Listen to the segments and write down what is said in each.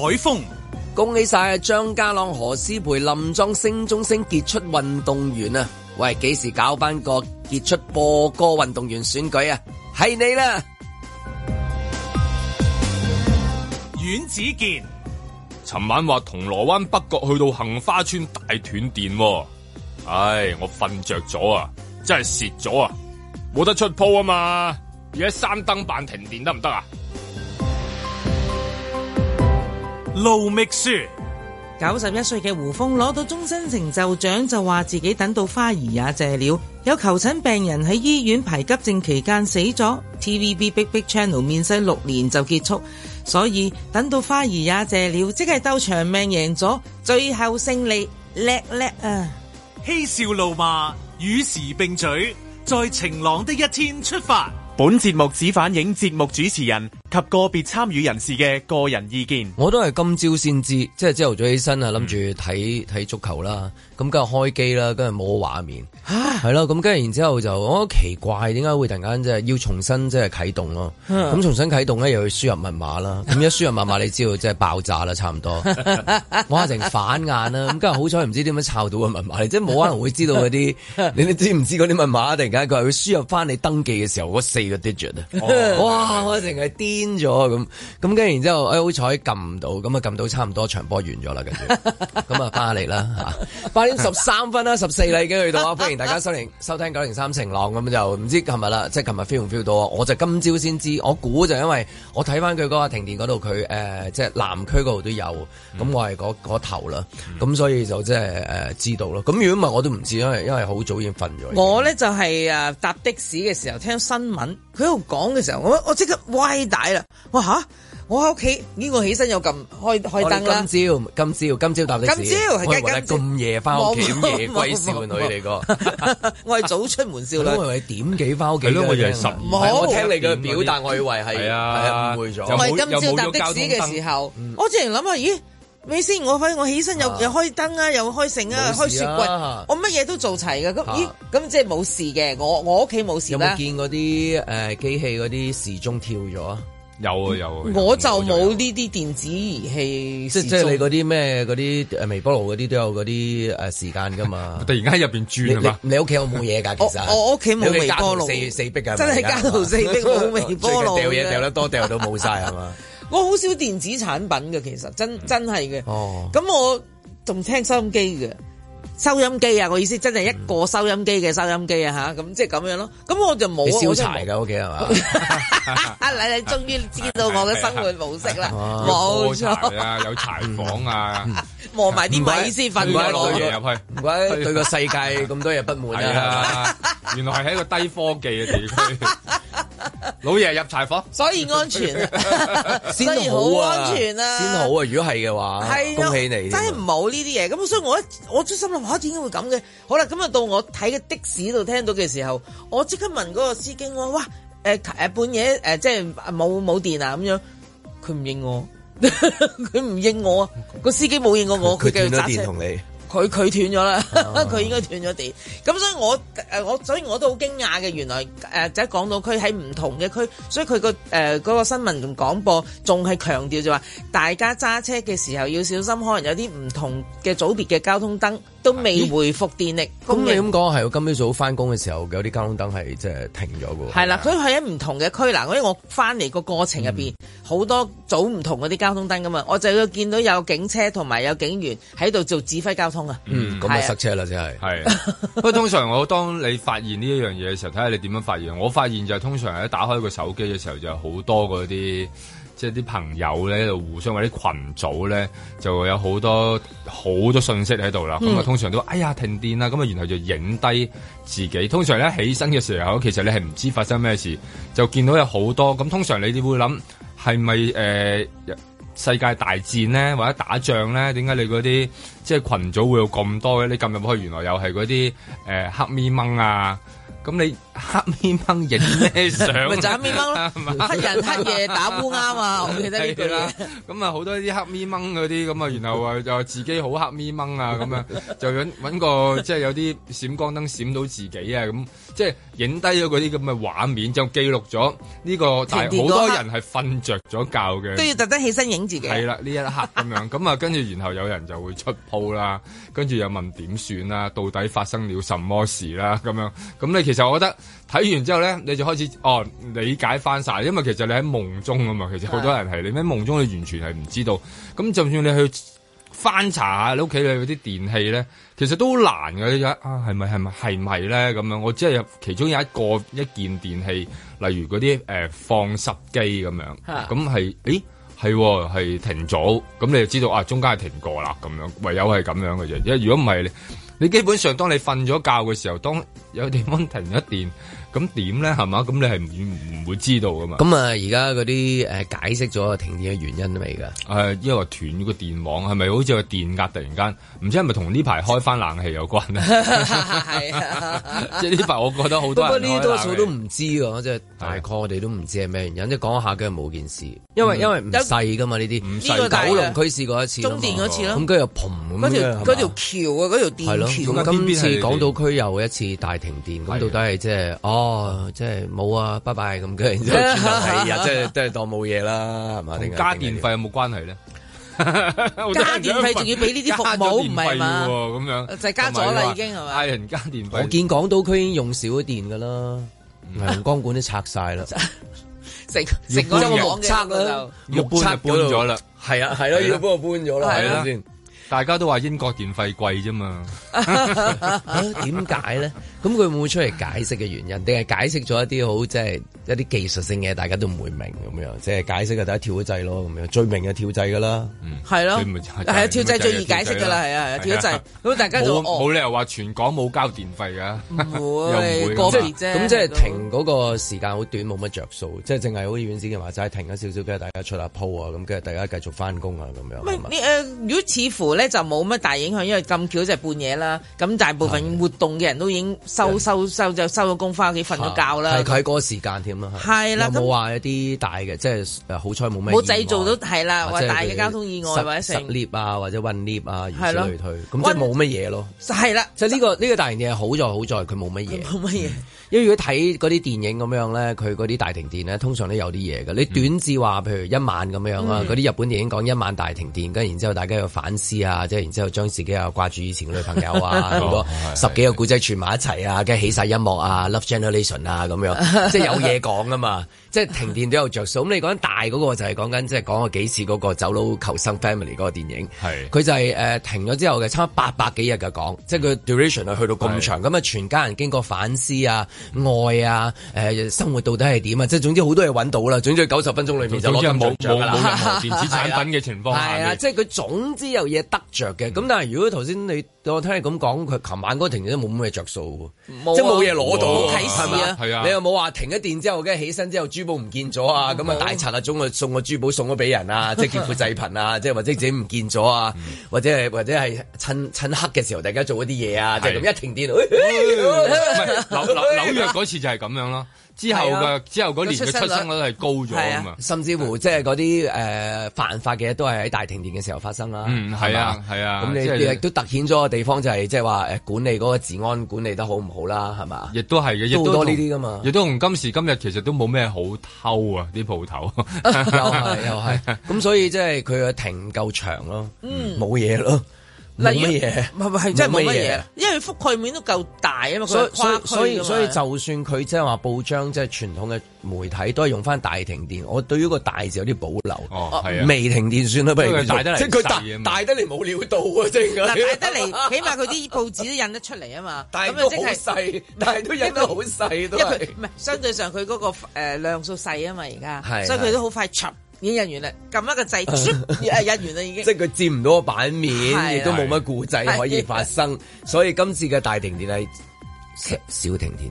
海風，恭喜晒啊！張家朗何詩蓓冧莊升、星中星傑出運動員啊！喂，幾時搞返個傑出播歌運動員選舉啊？係你啦，阮子健。尋晚話銅鑼灣北角去到杏花邨大斷電、啊，唉，我瞓着咗啊，真係蝕咗啊，冇得出鋪啊嘛！而家三燈辦停電得唔得啊？盧覓雪九十一歲嘅胡楓攞到終身成就獎，就話自己等到花兒也謝了。有求診病人喺醫院排急症期間死咗。TVB Big Big Channel 面世六年就結束，所以等到花兒也謝了，即係鬥長命贏咗，最後勝利叻叻啊！嬉笑怒罵，與時並舉，在晴朗的一天出發。本節目只反映節目主持人及個別參與人士嘅個人意見，我都係今朝先知，即係朝頭早起身啊，諗住睇睇足球啦，咁今日開機啦，跟住冇畫面，係咯，咁跟住然之後就我覺得奇怪，點解會突然間即係要重新即係啟動咯？咁、嗯、重新啟動咧又要輸入密碼啦，咁 一輸入密碼你知道即係爆炸啦，差唔多，我係成反眼啦，咁今日好彩唔知點樣抄到個密碼嚟，即係冇可能會知道嗰啲，你知唔知嗰啲密碼？突然間佢係要輸入翻你登記嘅時候嗰四個 digit 啊、哦？哇，我成日咗咁，咁跟然之後，哎好彩撳到，咁啊撳到差唔多場波完咗啦，跟 住，咁啊翻嚟啦，嚇，八點十三分啦，十四啦已經去到啊！ 歡迎大家收聽 收聽九零三晴朗咁就，唔知琴日啦，即係琴日 feel 唔 feel 到啊？我就今朝先知，我估就因為我睇翻佢嗰個停電嗰度，佢誒、呃、即係南區嗰度都有，咁、嗯、我係嗰頭啦，咁、嗯、所以就即係誒知道咯。咁如果唔係我都唔知，因為因為好早已經瞓咗。我咧就係、是、誒搭的士嘅時候聽新聞，佢喺度講嘅時候，我我即刻哇吓！我喺屋企，咦、啊？我起身又咁開開燈啦。今朝今朝今朝搭的士，我係咁夜翻屋企夜歸少女嚟㗎。我係早， 早出門少啦，我係點幾翻屋企？係咯，我係十二，我聽你嘅表達，我以為係係啊，誤會咗。我係今朝搭的士嘅時候，我之前諗下，咦？美先，我我起身又，又開燈啊，又開剩啊，啊，開雪櫃，我乜嘢都做齊㗎。咁咦？咁即係冇事嘅。我我屋企冇事啦。有冇見嗰啲誒機器嗰啲時鐘跳咗啊？有啊，有啊，有，啊有啊，我就冇呢啲電子儀器，即即係你嗰啲咩嗰啲誒微波爐嗰啲都有嗰啲誒時間噶嘛。 突然間喺入邊轉係嘛？你屋企有冇嘢㗎？ 其實我屋企冇微波爐，四 四壁啊，真係家徒四壁冇微波爐。掉嘢掉得多，掉到冇晒係嘛？ 是嗎 我好少電子產品嘅，其實真真係嘅。哦，咁我仲聽收音機嘅。收音機啊！我意思真係一個收音機嘅收音機啊吓，咁即係咁樣咯。咁我就冇燒柴嘅屋企係嘛。啊，你我 你，你終於知道我嘅生活模式啦，冇錯。啊，有柴房啊，磨埋啲米先瞓。唔攞嘢入去。唔怪， 怪對個世界咁多嘢不滿 啊！原來係喺個低科技嘅地區。 老爺入柴房，所以安全， 所以好安全啊！先好啊，好啊，如果係嘅話，係恭喜你，真係唔好呢啲嘢。咁、嗯、所以我一，我出心諗下點解會咁嘅？好啦，咁啊到我睇嘅的、的士度聽到嘅時候，我即刻問嗰個司機我，哇誒誒半夜誒、呃、即係冇冇電啊咁樣，佢唔應我，佢 唔應我啊！嗰個司機冇應過我，佢繼續揸車同你。佢佢斷咗啦，佢 應該斷咗電。咁所以我我，所以我都好驚訝嘅。原來誒喺講到區喺唔同嘅區，所以佢個誒嗰個新聞同廣播，仲係強調就話大家揸車嘅時候要小心，可能有啲唔同嘅組別嘅交通燈。都未回復電力，咁你咁講係我今朝早翻工嘅時候，有啲交通燈係即係停咗嘅。係啦，佢係喺唔同嘅區嗱，因為我翻嚟個過程入邊好多組唔同嗰啲交通燈噶嘛，我就要見到有警車同埋有警員喺度做指揮交通啊。嗯，咁啊塞車啦，真係。係， 不過通常我當你發現呢一樣嘢嘅時候，睇下你點樣發現。我發現就係通常喺打開個手機嘅時候就，就有好多嗰啲。即係啲朋友咧就互相或者啲群組咧就有好多好多信息喺度啦，咁、嗯、啊通常都哎呀停電啦，咁啊然後就影低自己。通常咧起身嘅時候，其實你係唔知發生咩事，就見到有好多。咁通常你哋會諗係咪誒世界大戰咧，或者打仗咧？點解你嗰啲即係群組會有咁多嘅？你撳入去原來又係嗰啲黑咪掹啊！咁你黑咪掹影咩相？咪 就是黑咪掹咯，黑人黑夜打烏鴉啊，我記得呢句。咁、嗯、啊，好多啲黑咪掹嗰啲咁啊，然後啊就自己好黑咪掹啊，咁 樣就搵搵個即係有啲閃光燈閃到自己啊，咁即係影低咗嗰啲咁嘅畫面，就記錄咗呢個，但好多人係瞓着咗覺嘅，都要特登起身影自己係啦，呢一刻咁樣，咁 啊，跟住然後有人就會出鋪啦，跟住又問點算啦，到底發生了什麼事啦，咁樣，咁你其實。就覺得睇完之後咧，你就開始哦理解翻晒。因為其實你喺夢中啊嘛。其實好多人係你喺夢中，你完全係唔知道。咁就算你去翻查下你屋企嘅嗰啲電器咧，其實都好難嘅。一啊係咪係咪係唔係咧？咁樣我即係其中有一個一件電器，例如嗰啲誒放濕機咁樣，咁係咦，係、欸、係、啊、停咗，咁你就知道啊，中間係停過啦咁樣，唯有係咁樣嘅啫。因為如果唔係，你基本上當你瞓咗覺嘅時候，當有地方停咗電，咁點咧係嘛？咁你係唔會知道噶嘛？咁啊，而家嗰啲誒解釋咗停電嘅原因都未噶？係因為斷個電網，係咪好似個電壓突然間？唔知係咪同呢排開翻冷氣有關咧？係啊，即係呢排我覺得好多人，多都不過呢多數都唔知啊，即係大概我哋都唔知係咩原因。即係講下嘅冇件事，因為因為唔細噶嘛呢啲，唔知九龍區試過一次，中電一次咁跟住嘭咁樣，嗰條橋啊，條、那個那個咁今次港島區又一次大停電，到底係即係哦，即係冇啊，拜拜咁嘅，然之後係 啊，即係都係當冇嘢、 啊就是、啦，係嘛？你加電費有冇關係咧？加電費仲要俾呢啲服務唔係嘛？咁樣就係加咗啦，已經係人加電費， 我見港島區已經用少咗電噶啦，連、嗯、光管都拆晒啦，成成個網拆啦，就搬搬咗啦，係啊，係咯，要搬我搬咗啦，係咪先？要大家都話英國電費貴啫嘛 點解咧？咁佢會唔會出嚟解釋嘅原因？定係解釋咗一啲好即係一啲技術性嘅，大家都唔會明咁樣，即係解釋嘅。大家跳一掣咯咁樣，最明嘅跳掣噶啦，嗯，係咯，係啊，跳掣最易解釋噶啦，係啊，跳一掣，咁大家冇冇理由話全港冇交電費嘅，唔會，咁即係停嗰個時間好短，冇乜着數，即係淨係好似遠志嘅話齋停咗少少俾大家出下鋪啊，咁跟住大家繼續翻工啊咁樣。你，呃，如果似乎咧就冇乜大影響，因為咁巧即係半夜啦，咁大部分活動嘅人都已經。收收收就收咗工，翻屋企瞓咗覺啦。係佢嗰個時間添咯。係啦，有冇話一啲大嘅？即係誒，就是、好彩冇咩。冇製造到係啦，或者大嘅交通意外或者成。十 lift 啊，或者運 lift 啊，以此類推。咁即係冇乜嘢咯。就係啦，就呢個呢個大型嘢，好在好在佢冇乜嘢。冇乜嘢。因為如果睇嗰啲電影咁樣咧，佢嗰啲大停電咧，通常都有啲嘢嘅。你短至話，譬如一晚咁樣啊，嗰、嗯、啲日本電影講一晚大停電，跟然之後大家又反思啊，即係然之後將自己又掛住以前嘅女朋友啊，咁 多十幾個古仔串埋一齊啊，跟起晒音樂啊，Love Generation 啊咁樣，即係有嘢講啊嘛。 即係停電都有着數。咁你講緊大嗰個就係講緊即係講過幾次嗰個走佬求生 Family 嗰個電影，佢就係、是呃、停咗之後嘅差八百幾日嘅講， 即係佢 duration 去到咁長，咁啊全家人經過反思啊。愛啊，誒、呃，生活到底係點啊？即係總之好多嘢揾到啦。總之九十分鐘裏面就攞金像啦。冇冇冇任何電子產品嘅情況下，係 啊，啊，即係佢總之有嘢得着嘅。咁、嗯、但係如果頭先你我聽你咁講，佢琴晚嗰個停電都冇咩嘢着數，即係冇嘢攞到，係咪啊？係、啊、你又冇話停咗電之後，跟住起身之後珠寶唔見咗啊？咁、嗯、啊大賊啊，將個送個珠寶送咗俾人啊？即係劫富濟貧啊？即係或者自己唔見咗啊、嗯？或者或者係趁趁黑嘅時候大家做咗啲嘢啊？即係咁一停電， 嗰 次就係咁樣咯，之後嘅、啊、之後嗰年嘅出生率係高咗啊嘛，甚至乎即係嗰啲誒犯法嘅都係喺大停電嘅時候發生啦，嗯係啊係啊，咁、啊啊、你亦、就是、都突顯咗個地方就係即係話管理嗰個治安管理得好唔好啦，係嘛？亦都係嘅，亦都好多呢啲噶嘛，亦都同今時今日其實都冇咩好偷啊啲鋪頭，又係又係，咁所以即係佢嘅停夠長咯，冇、嗯、嘢咯。冇乜嘢，唔係係，真係冇乜嘢，因為覆蓋面都夠大啊嘛，所以所以所以，所以就算佢即係話報章即係傳統嘅媒體都係用翻大停電，我對於個大字有啲保留，哦係啊，未、啊、停電算啦， 不如佢大，得嚟，即係佢大得嚟冇料到啊，即係嗱大得嚟，起碼佢啲報紙都印得出嚟啊嘛，咁啊即係細，但係都印得好細都係，唔係相對上佢嗰、那個誒、呃、量數細啊嘛，而家，所以佢都好快出。已經印完啦，撳一個掣，印完啦已經完了。 即係佢佔唔到個版面，亦都冇乜故仔可以發生，所以今次嘅大停電係。少停停，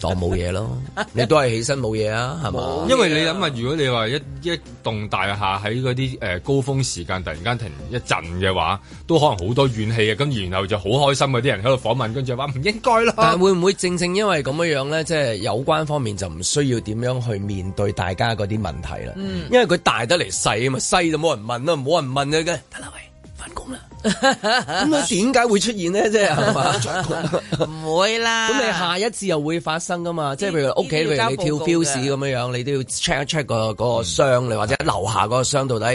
當冇嘢咯。你都係起身冇嘢啊，係嘛？因為你諗下，如果你話一一棟大廈喺嗰啲誒高峰時間突然間停一陣嘅話，都可能好多怨氣啊。咁然後就好開心嗰啲人喺度訪問，跟住就話唔應該咯。但係會唔會正正因為咁樣樣咧，即係有關方面就唔需要點樣去面對大家嗰啲問題啦，嗯？因為佢大得嚟細啊嘛，細就冇人問啦，冇人問佢嘅。翻工啦，咁佢點解會出現呢？即係係嘛，唔會啦。咁你下一次又會發生噶嘛？即係譬如屋企，譬如你跳 f i e l 咁樣樣，你都要 check 一 check 個個箱，你、嗯、或者樓下嗰個箱到底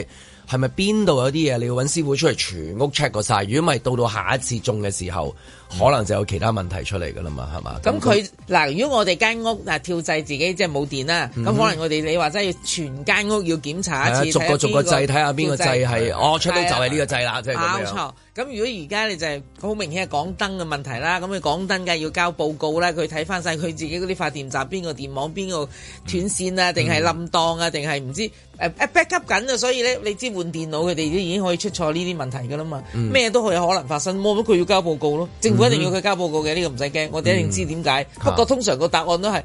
係咪邊度有啲嘢？你要揾師傅出嚟全屋 check 個晒。如果唔係，到到下一次種嘅時候。可能就有其他問題出嚟噶啦嘛，係嘛？咁佢嗱，如果我哋間屋嗱跳掣自己即係冇電啦，咁、嗯、可能我哋你話真係要全間屋要檢查一次，啊、睇下邊個逐個逐個掣睇下邊個掣係，我、啊啊啊、出到就係呢個掣啦，即係冇錯。啊咁如果而家你就係好明顯係港燈嘅問題啦，咁佢港燈梗係要交報告啦，佢睇翻晒佢自己嗰啲發電站邊個電網邊個斷線啊，定係冧檔啊，定係唔知誒誒、嗯呃、back up 緊啊，所以咧你知換電腦佢哋都已經可以出錯呢啲問題㗎啦嘛，咩、嗯、都好有可能發生，咁佢要交報告咯，政府一定要佢交報告嘅，呢、嗯個唔使驚，我哋一定知點解、嗯，不過通常個答案都係。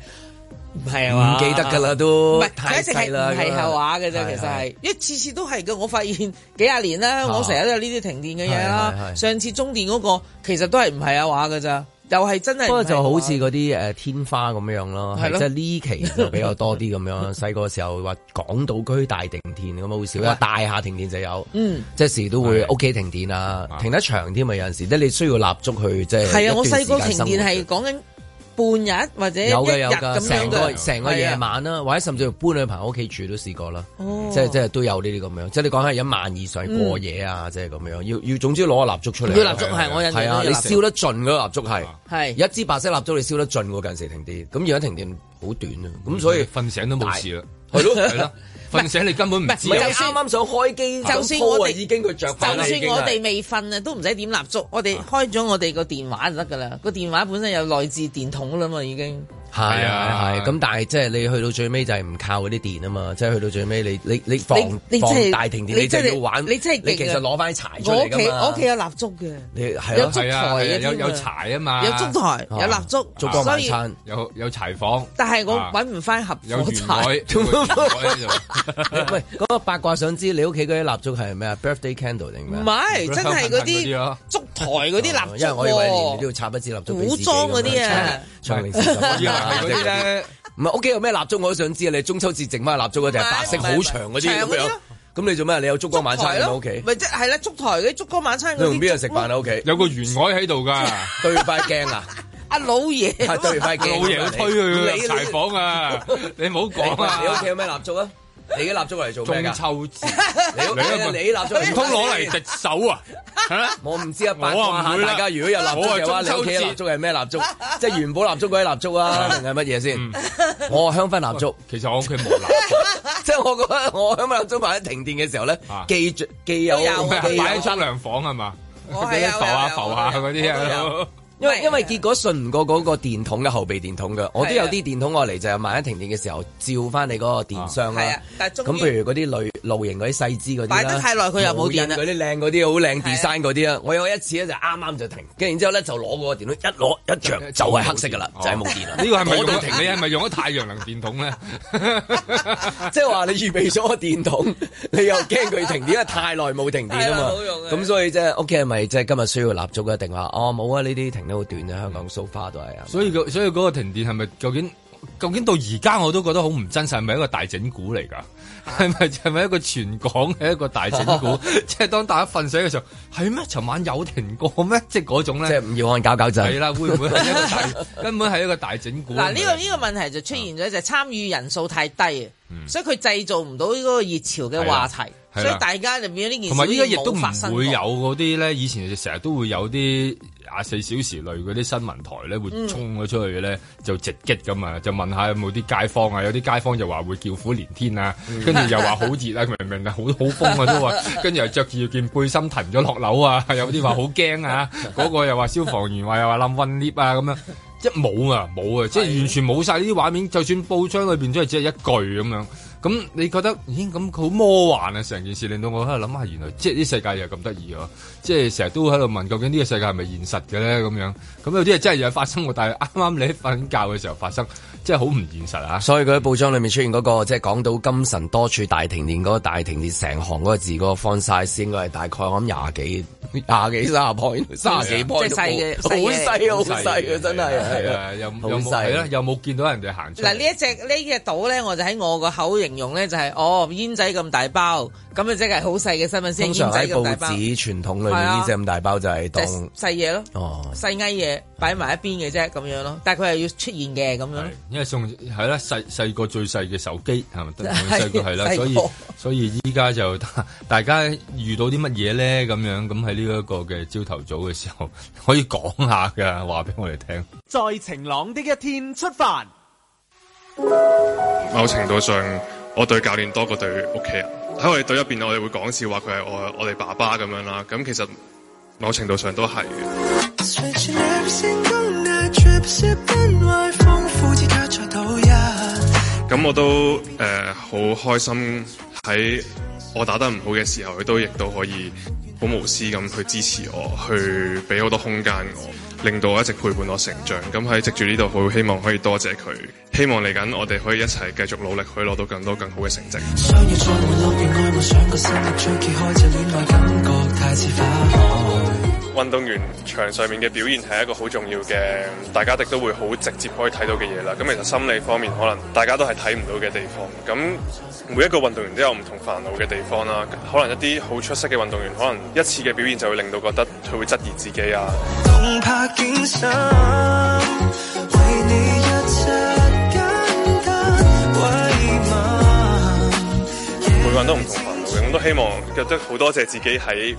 係啊，唔記得噶啦都太，太細啦，係下話嘅啫。其實係，一次次都係嘅。我發現幾廿年啦，我成日都有呢啲停電嘅嘢啦。上次中電嗰、那個其實都係唔係下話㗎咋，又係真係。不過就好似嗰啲誒天花咁樣咯，即係呢期就比較多啲咁 樣。細個時候話港島區大停電咁啊，好少大下停電就有，嗯、即係時都會屋、OK、企停電啊，停得長添咪有陣時咧，即你需要蠟燭去即係一段時間生活。係啊，我細個停電係講緊。半日或者有日有樣，成個成個夜晚啦，或者甚至搬女朋友屋企住都試過啦，哦。即係即係都有呢啲咁樣。即係你講係一晚以上過夜啊，嗯，即係咁樣。要要總之攞個蠟燭出嚟，個，嗯、蠟燭係我印象。係啊，你燒得盡嗰個蠟燭係。係。一支白色蠟燭你燒得盡喎，嗰陣時停電。咁而家停電好短啊，咁所以瞓，嗯、醒都冇事啦。係 咯，係咯，瞓醒你根本唔知，係啱啱想開機， 就算我哋已經佢着，就算我哋未瞓啊，都唔使點蠟燭， 我哋開咗我哋個電話就得噶啦，個 電話本身有內置電筒啦嘛，已經。係啊，係咁、啊啊啊，但係即係你去到最尾就係唔靠嗰啲電啊嘛，即係去到最尾你你你，你防你防大停電，你，你就要玩，你即係你其實攞翻柴出嚟㗎嘛，我屋企我屋企有蠟燭嘅，有燭台，啊啊、有有柴啊嘛，有燭台有蠟燭，做、啊、個晚餐，所以有有柴房。但係我搵唔翻盒火柴。啊、有 原 喂，咁、那個、八卦，想知道你屋企嗰啲蠟燭係咩啊？Birthday candle 定咩？唔係，真係嗰啲燭台嗰啲蠟燭。因為我以為你，你要插一支蠟燭俾自己，古裝嗰啲啊， 啲唔係，屋企、啊、有咩蠟燭我都想知啊！你是中秋節剩翻蠟燭嗰條白色好長嗰啲咁樣，咁、啊、你做咩？你有燭光晚餐啊？屋企咪即係咧，燭台啲燭光晚餐。你同邊人食飯啊？屋、嗯、企、okay、有個袁凱喺度㗎，對塊鏡 啊！阿老爺，阿老爺推去，推佢柴房啊！你唔好講啊！你屋企有咩蠟燭啊？你嘅蠟燭嚟做咩噶？中秋節，你屋企你蠟燭唔通攞嚟執手啊？我唔知啊，我唔會㗎。大家如果有蠟燭嘅話，你屋企蠟燭係咩蠟燭？ 即係元寶蠟燭嗰啲蠟燭啊，定係乜嘢先？我係香薰蠟燭。其實我屋企冇蠟燭， 即係我覺得我香薰蠟燭擺喺停電嘅時候咧，既、啊、既有。又咩？擺喺間涼房係嘛？我係有啊，浮下嗰啲啊。因為因為結果信唔過嗰個電筒嘅後備電筒嘅，我都有啲電筒落嚟，就係、是、萬一停電嘅時候照翻你嗰個電箱啦。咁、啊啊、譬如嗰啲旅露營嗰啲細枝嗰啲，擺得太耐佢又冇電啦。嗰啲靚嗰啲好靚 design 嗰啲啊。我有一次咧就啱啱就停，跟住然之後咧就攞個電筒一攞一着就係、是、黑色噶啦、哦，就係、是、冇電啦。呢個係咪用停？你係咪用咗太陽能電筒咧？即係話你預備咗個電筒，你又驚佢停電，因為太耐冇停電啊嘛。咁所以即係屋企係咪即係今日需要蠟燭嘅定話？哦，冇啊，呢啲停。好短啊！香港 s 花都係啊，所以所以嗰個停電係咪究竟究竟到而家我都覺得好唔真實，係咪一個大整蠱嚟噶？係咪係咪一個全港嘅一個大整蠱？ 即係當大家瞓醒嘅時候，係咩？尋晚有停過咩？即係嗰種咧，即係唔要按搞搞就係啦。會唔會 根本係一個大整蠱？嗱， 呢、呢個呢、呢個問題就出現咗，就係、參與人數太低嗯、所以佢製造唔到呢個熱潮嘅話題，啊啊、所以大家入面呢件事冇發生過同埋依家亦都唔會有嗰啲咧，以前成日都會有啲廿四小時類嗰啲新聞台咧，會衝咗出去嘅咧、嗯、就直擊咁啊，就問下有冇啲街坊啊，有啲街坊就話會叫苦連天啊，跟住、嗯、又話好熱啊， 明明啊好好風啊都話，跟住又着住件背心提咗落樓啊，有啲話好驚啊，嗰 個又話消防員話又話冧雲裂啊咁樣。即冇啊，冇啊，即係完全冇晒呢啲畫面，就算報章裏邊都係只係一句咁樣。咁你覺得，咦？咁佢好魔幻啊！成件事令到我喺度諗下，原來即係啲世界又咁得意啊！即係成日都喺度問，究竟呢個世界係咪現實嘅咧？咁樣，咁有啲嘢真係有發生過，但係啱啱你瞓覺嘅時候發生。即係好唔現實啊！所以佢喺報章裏面出現嗰、那個，即、就、係、是、講到今晨多處大停電嗰個大停電成行嗰個字個 font size，應該係大概我諗廿幾、廿幾、卅三十幾，即係細嘅，好細好細嘅，真係係啊，又冇見到人哋行出嚟。嗱呢一隻，一隻島呢隻島咧，我就喺我個口形容咧，就係、是、哦煙仔咁大包，咁啊即係好細嘅新聞先煙仔咁大包，啊、大包就係當細嘢、就是、咯，哦、細矮嘢擺埋一邊嘅啫咁樣咯。但係佢係要出現嘅咁樣咯。係送係啦，細細個最細嘅手機係咪對細個係啦，所以所以依家就大家遇到啲乜嘢咧？咁樣，咁喺呢一個嘅朝頭早嘅時候可以講下噶，話俾我哋聽。在晴朗的一天出發。某程度上，我對教練多過對屋企人。喺我哋隊入邊，我哋會講笑話，佢係我我哋爸爸咁樣啦。咁其實某程度上都係嘅。咁、嗯、我都誒好、呃、開心喺我打得唔好嘅時候，佢都亦都可以好無私咁去支持我，去俾好多空間我，令到我一直陪伴我成長。咁喺籍住呢度，好希望可以多謝佢，希望嚟緊我哋可以一齊繼續努力，可以攞到更多更好嘅成績。想要再運動員場上面嘅表現係一個好重要嘅，大家的都會好直接可以睇到嘅嘢啦。咁其實心理方面可能大家都係睇唔到嘅地方。咁每一個運動員都有唔同煩惱嘅地方啦。可能一啲好出色嘅運動員，可能一次嘅表現就會令到覺得佢會質疑自己啊。嗯嗯、每個人都唔同煩惱嘅、啊嗯，我都希望覺得好多謝自己喺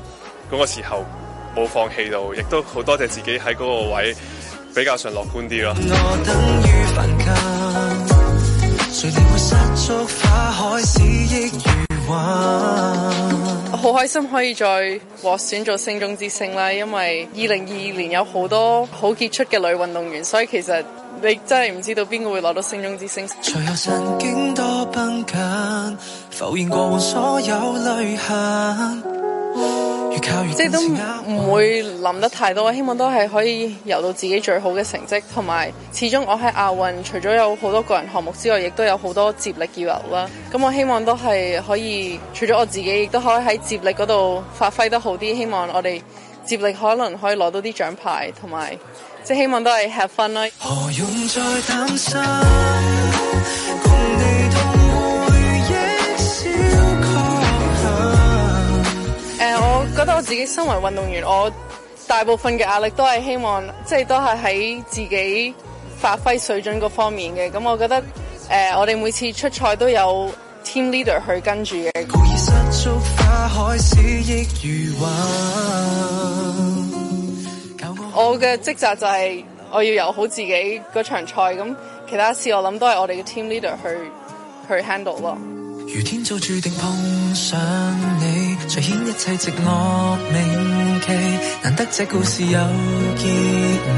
嗰個時候。冇放棄到，亦都好多謝自己喺嗰個位比較上樂觀啲咯。我好開心可以再獲選做星中之星啦，因為二零二二年有好多好傑出嘅女運動員，所以其實你真係唔知道邊個會攞到星中之星。隨後神經多近浮現過往所有旅行、哦即係都唔會諗得太多，我希望都係可以游到自己最好嘅成績，同埋始終我喺亞運除咗有好多個人項目之外，亦都有好多接力要游啦。咁我希望都係可以，除咗我自己，亦都可以喺接力嗰度發揮得好啲。希望我哋接力可能可以攞到啲獎牌，同埋即係希望都係 have fun 啦。何用再擔心？我覺得我自己身為運動員，我大部分嘅壓力都係希望，即係都係喺自己發揮水準嗰方面嘅。咁我覺得，呃、我哋每次出賽都有 team leader 去跟住嘅。故意失如我嘅職責就係我要游好自己嗰場賽，咁其他事我諗都係我哋嘅 team leader 去去 handle 咯。如天最顯一切寂寞名奇，難得這故事有結尾，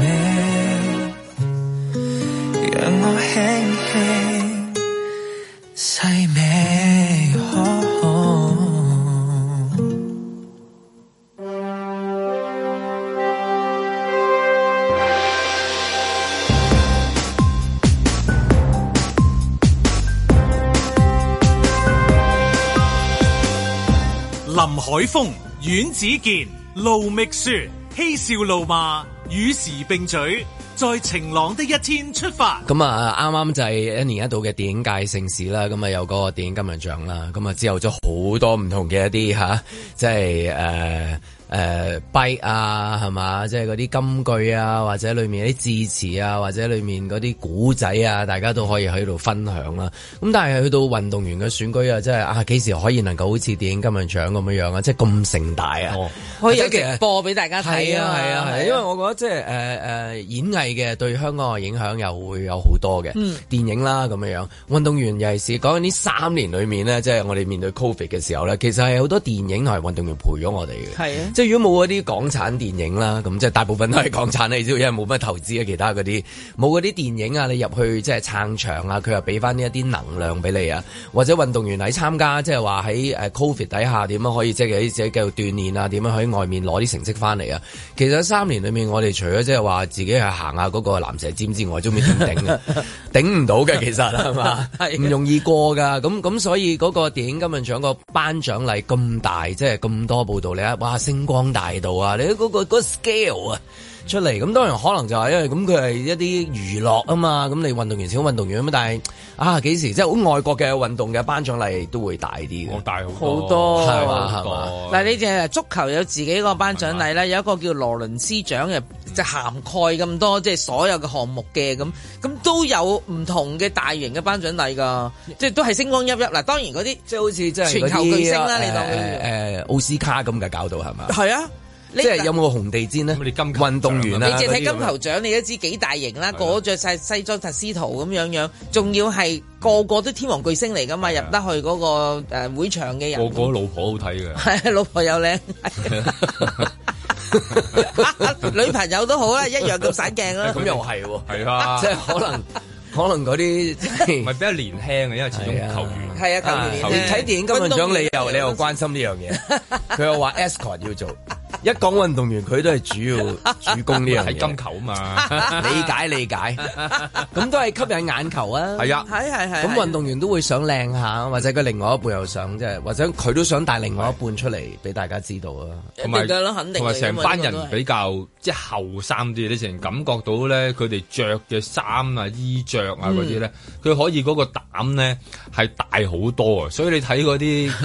讓我輕輕細味。林海峰、阮子健、盧覓雪，嬉笑怒罵，與時並舉，在晴朗的一天出發。咁啊，啱啱就係一年一度嘅電影界盛事啦。咁啊，有個電影金像獎啦。咁 啊，之後咗好多唔同嘅一啲吓，即係誒。誒、uh, 弊啊，係嘛？即係嗰啲金句啊，或者裏面啲字詞啊，或者裏面嗰啲古仔啊，大家都可以喺度分享啦。咁但係去到運動員嘅選舉啊，即係啊幾時可以能夠好似電影金像獎咁樣樣啊？即係咁盛大啊！哦、可以有直播俾大家睇啊！係啊！係、啊啊啊啊、因為我覺得即係誒誒演藝嘅對香港嘅影響又會有好多嘅、嗯、電影啦，咁樣樣運動員尤其是講緊呢三年裏面呢，即係我哋面對 covid 嘅時候呢，其實係好多電影同埋運動員陪咗我哋嘅係啊！如果冇嗰啲港產電影啦，咁即係大部分都係港產，你知都因為冇乜投資咧，其他嗰啲冇嗰啲電影啊，你入去即係撐場啊，佢又俾翻呢一啲能量俾你啊，或者運動員喺參加即係話喺誒 Covid 底下點樣可以即係自己繼續鍛鍊啊？點樣喺外面攞啲成績翻嚟啊？其實在三年裏面我哋除咗即係話自己係行下嗰個蚺蛇尖之外，都未點頂， 頂唔到嘅其實係嘛，唔 容易過㗎。咁咁所以嗰個電影金像獎個頒獎禮咁大，即係咁多報導你啊！哇，星光光大道啊！你嗰個嗰個 scale 啊！出嚟咁，當然可能就係因為咁，佢係一啲娛樂啊嘛。咁你運動員少，運動員咁？但係啊，幾時即係好外國嘅運動嘅頒獎禮都會大啲嘅，哦，大好多係嘛？係但係你淨係足球有自己個頒獎禮咧，有一個叫羅倫斯獎嘅，就涵、是、蓋咁多即係、就是、所有嘅項目嘅咁。咁都有唔同嘅大型嘅頒獎禮㗎，即、嗯、係、就是、都係星光熠熠嗱。當然嗰啲即係好似即係全球巨星啦，你當誒奧斯卡咁嘅搞到係嘛？係啊。即係有冇個紅地氈咧？運動員啦，你淨係睇金球獎，你都知幾大型啦。個個着晒西裝、特斯圖咁樣樣，仲要係個個都天王巨星嚟噶嘛？入得去嗰個誒會場嘅人，個個老婆好睇嘅，係老婆又靚，女朋友都好啦，一樣咁散鏡啦。咁又係，係啊，即係可能，可能嗰啲唔係比較年輕嘅，因為始終球員係啊，球員睇電影金球獎，你又你又關心呢樣嘢，佢又話 escort 要做。一講運動員，佢都係主要主攻呢樣嘢， 係金球嘛，理 解理解。咁都係吸引眼球啊！係啊，係係係。咁運動員都會想靚下，或者佢另外一半又想，即係或者佢都想帶另外一半出嚟俾 大家知道啊。同埋成班人比較即係後生啲，你成感覺到咧，佢哋着嘅衫啊、衣着啊、嗰啲咧，佢、嗯、可以嗰個膽咧係大好多啊！所以你睇嗰啲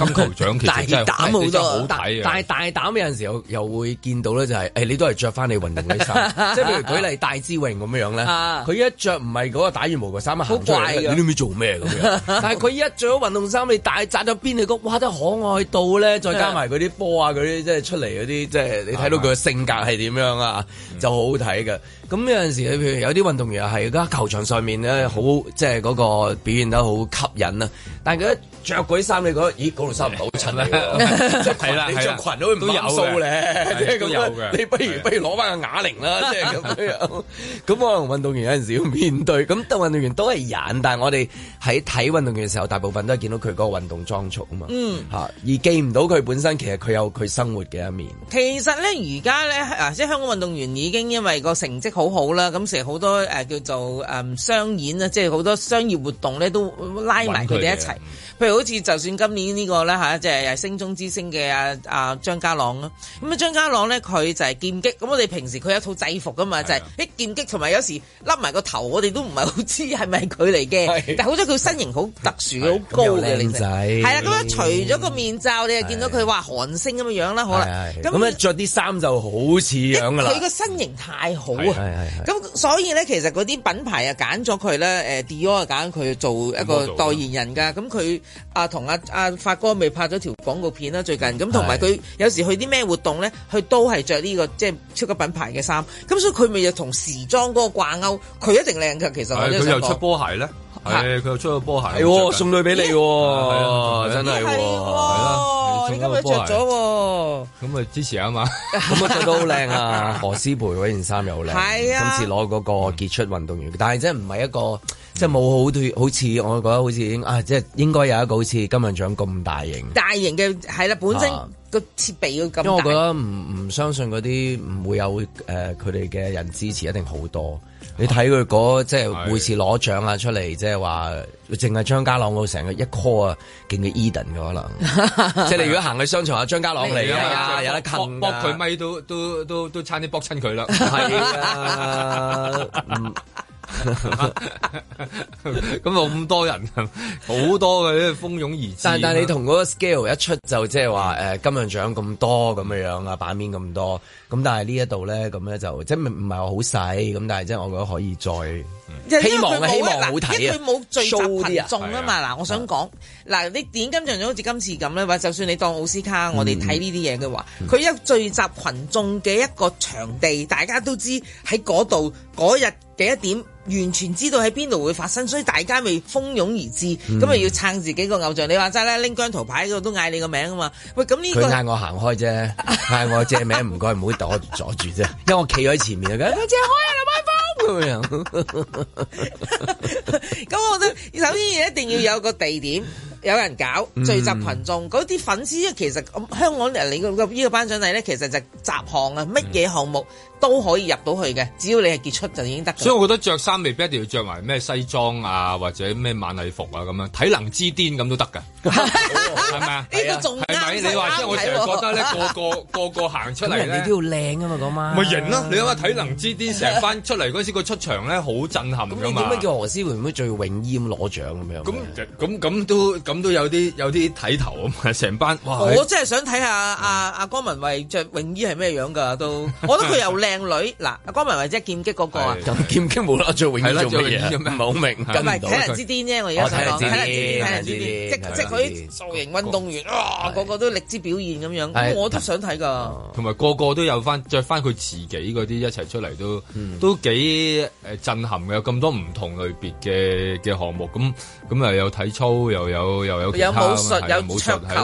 金球獎，其實真 係膽好多，真好睇。但係大膽有陣時候，就會見到咧、就是，就係誒，你都係着翻你運動啲衫， 即係譬如舉例如戴志榮咁樣樣咧，佢、 啊、一着唔係嗰個打羽毛嘅衫，好怪啊！都怪你都唔知做咩咁樣， 但係佢一着咗運動衫，你大扎咗邊你覺得，哇！真可愛到咧，再加埋嗰啲波啊，嗰啲即係出嚟嗰啲，即係你睇到佢嘅性格係點樣啊，就好好睇嘅。嗯嗯。咁有陣時，譬如有啲運動員係而家球場上面咧，好即係嗰個表現得好吸引啦。但係佢一著鬼衫，你覺得咦嗰度衫唔好襯啊！係啦係啦，都有係咁、就是、有㗎。你不如不如攞翻個啞鈴啦，即係咁樣又。咁 我運動員有陣時要面對。咁但係運動員都係人，但係我哋喺睇運動員嘅時候，大部分都係見到佢嗰個運動裝束啊嘛。嗯。嚇，而記唔到佢本身其實佢有佢生活嘅一面。其實咧，而家咧即係香港運動員已經因為個成績。好好啦，咁成日好多誒、啊、叫做誒、嗯、商演啦，即係好多商業活動咧都拉埋佢哋一齊。譬如好似就算今年呢、這個呢，即、啊、係、就是、星中之星嘅阿阿張家朗啦，咁啊張家朗咧，佢就係劍擊，咁我哋平時佢有套制服噶嘛，就係、是、啲劍擊，同埋有，有時笠埋個頭，我哋都唔係好知係咪佢嚟嘅。但好在佢身形好特殊，好高嘅仔係啦，咁、嗯、啊、嗯、除咗個面罩，你係見到佢話韓星咁嘅樣啦，可能咁樣着啲衫就好似樣噶啦。佢個身形太好啊！咁 所以咧，其實嗰啲品牌啊，揀咗佢咧，誒 Dior 啊揀佢做一個代言人㗎。咁佢啊同阿阿發哥咪拍咗條廣告片啦，最近咁同埋佢有時去啲咩活動咧，佢都係着呢個即係出個品牌嘅衫。咁所以佢咪又同時裝嗰個掛鈎，佢一定靚㗎。其實係佢又出波鞋咧。誒，佢又出咗波鞋，係送對俾你，真係，係啦，你今日着咗，咁咪支持啊嘛，咁啊着到好靚啊，何詩蓓嗰件衫又好靚，今次攞嗰個傑出運動員，但係真係唔係一個。即係冇好好似我覺得好似啊！即係應該有一個好似金像獎咁大型，大型嘅係啦，本身個設備要咁大。因為我覺得唔唔相信嗰啲唔會有誒佢哋嘅人支持一定好多。啊，你睇佢嗰即係每次攞獎啊出嚟，即係話淨係張家朗嗰成個一 call 啊勁嘅 Edan 嘅可能。 即係你如果行去商場啊，張家朗嚟啊，有得 c u 搏佢咪都都都都差啲搏親佢啦。 嗯咁啊咁多人， 好多嘅都係蜂擁而至。但但你同嗰個 scale 一出就即係話誒，今日漲咁多咁嘅樣啊，版面咁多。咁但係呢一度咧，咁咧就即係唔唔係話好細。咁但係即係我覺得可以再。希望希望好睇，因為佢冇聚集羣眾啊嘛，嗱、啊，我想講嗱、啊，你點金像獎好似今次咁咧，喂，就算你當奧斯卡，嗯、我哋睇呢啲嘢嘅話，佢、嗯、一聚集群眾嘅一個場地，大家都知喺嗰度嗰日幾一點，完全知道喺邊度會發生，所以大家咪蜂擁而至，咁、嗯、咪要撐自己個偶像。你話齋咧，拎張姜濤牌喺度都嗌你個名啊嘛，喂，咁呢個嗌我行開啫，嗌 我借名，唔該唔好阻阻住啫，因為我企喺前面嘅。佢借開啊，林非凡咁樣。咁，我諗首先一定要有個地點。有人搞聚集群眾，嗰、嗯、啲粉絲，其實、嗯、香港人嚟、這個呢個頒獎禮咧，其實就雜項啊，乜嘢項目都可以入到去嘅、嗯，只要你係傑出就已經得。所以我覺得着衫未必一定要着埋咩西裝啊，或者咩晚禮服啊咁樣，體能之巔咁都得噶，係咪啊？呢、啊哦、 個仲啱，你話即係我成日覺得咧， 個個、那個個行出嚟，你都要靚啊嘛，咁啊，咪型咯？你諗下體能之巔成班出嚟嗰時個出，時出場咧，好震撼噶咁 你點解叫何詩唔會最泳衣攞獎咁樣？咁咁咁都。咁都有啲有啲睇頭啊！成班哇，我真係想睇下阿阿江文慧着泳衣係咩樣噶？都，我覺得佢又靚女。嗱、 啊，阿江文慧即係劍擊嗰個啊，咁劍擊冇得着泳衣做咩嘢？唔好明，唔係睇人之巔啫。我而家想講，睇、哦、人之巔，即即係佢造型運動員啊，個個都力之表現咁樣，我都想睇噶。同埋個個都有翻着翻佢自己嗰啲一齊出嚟，都都幾誒震撼嘅。咁多唔同類別嘅嘅項目，咁咁又有體操又有。有武術，有桌球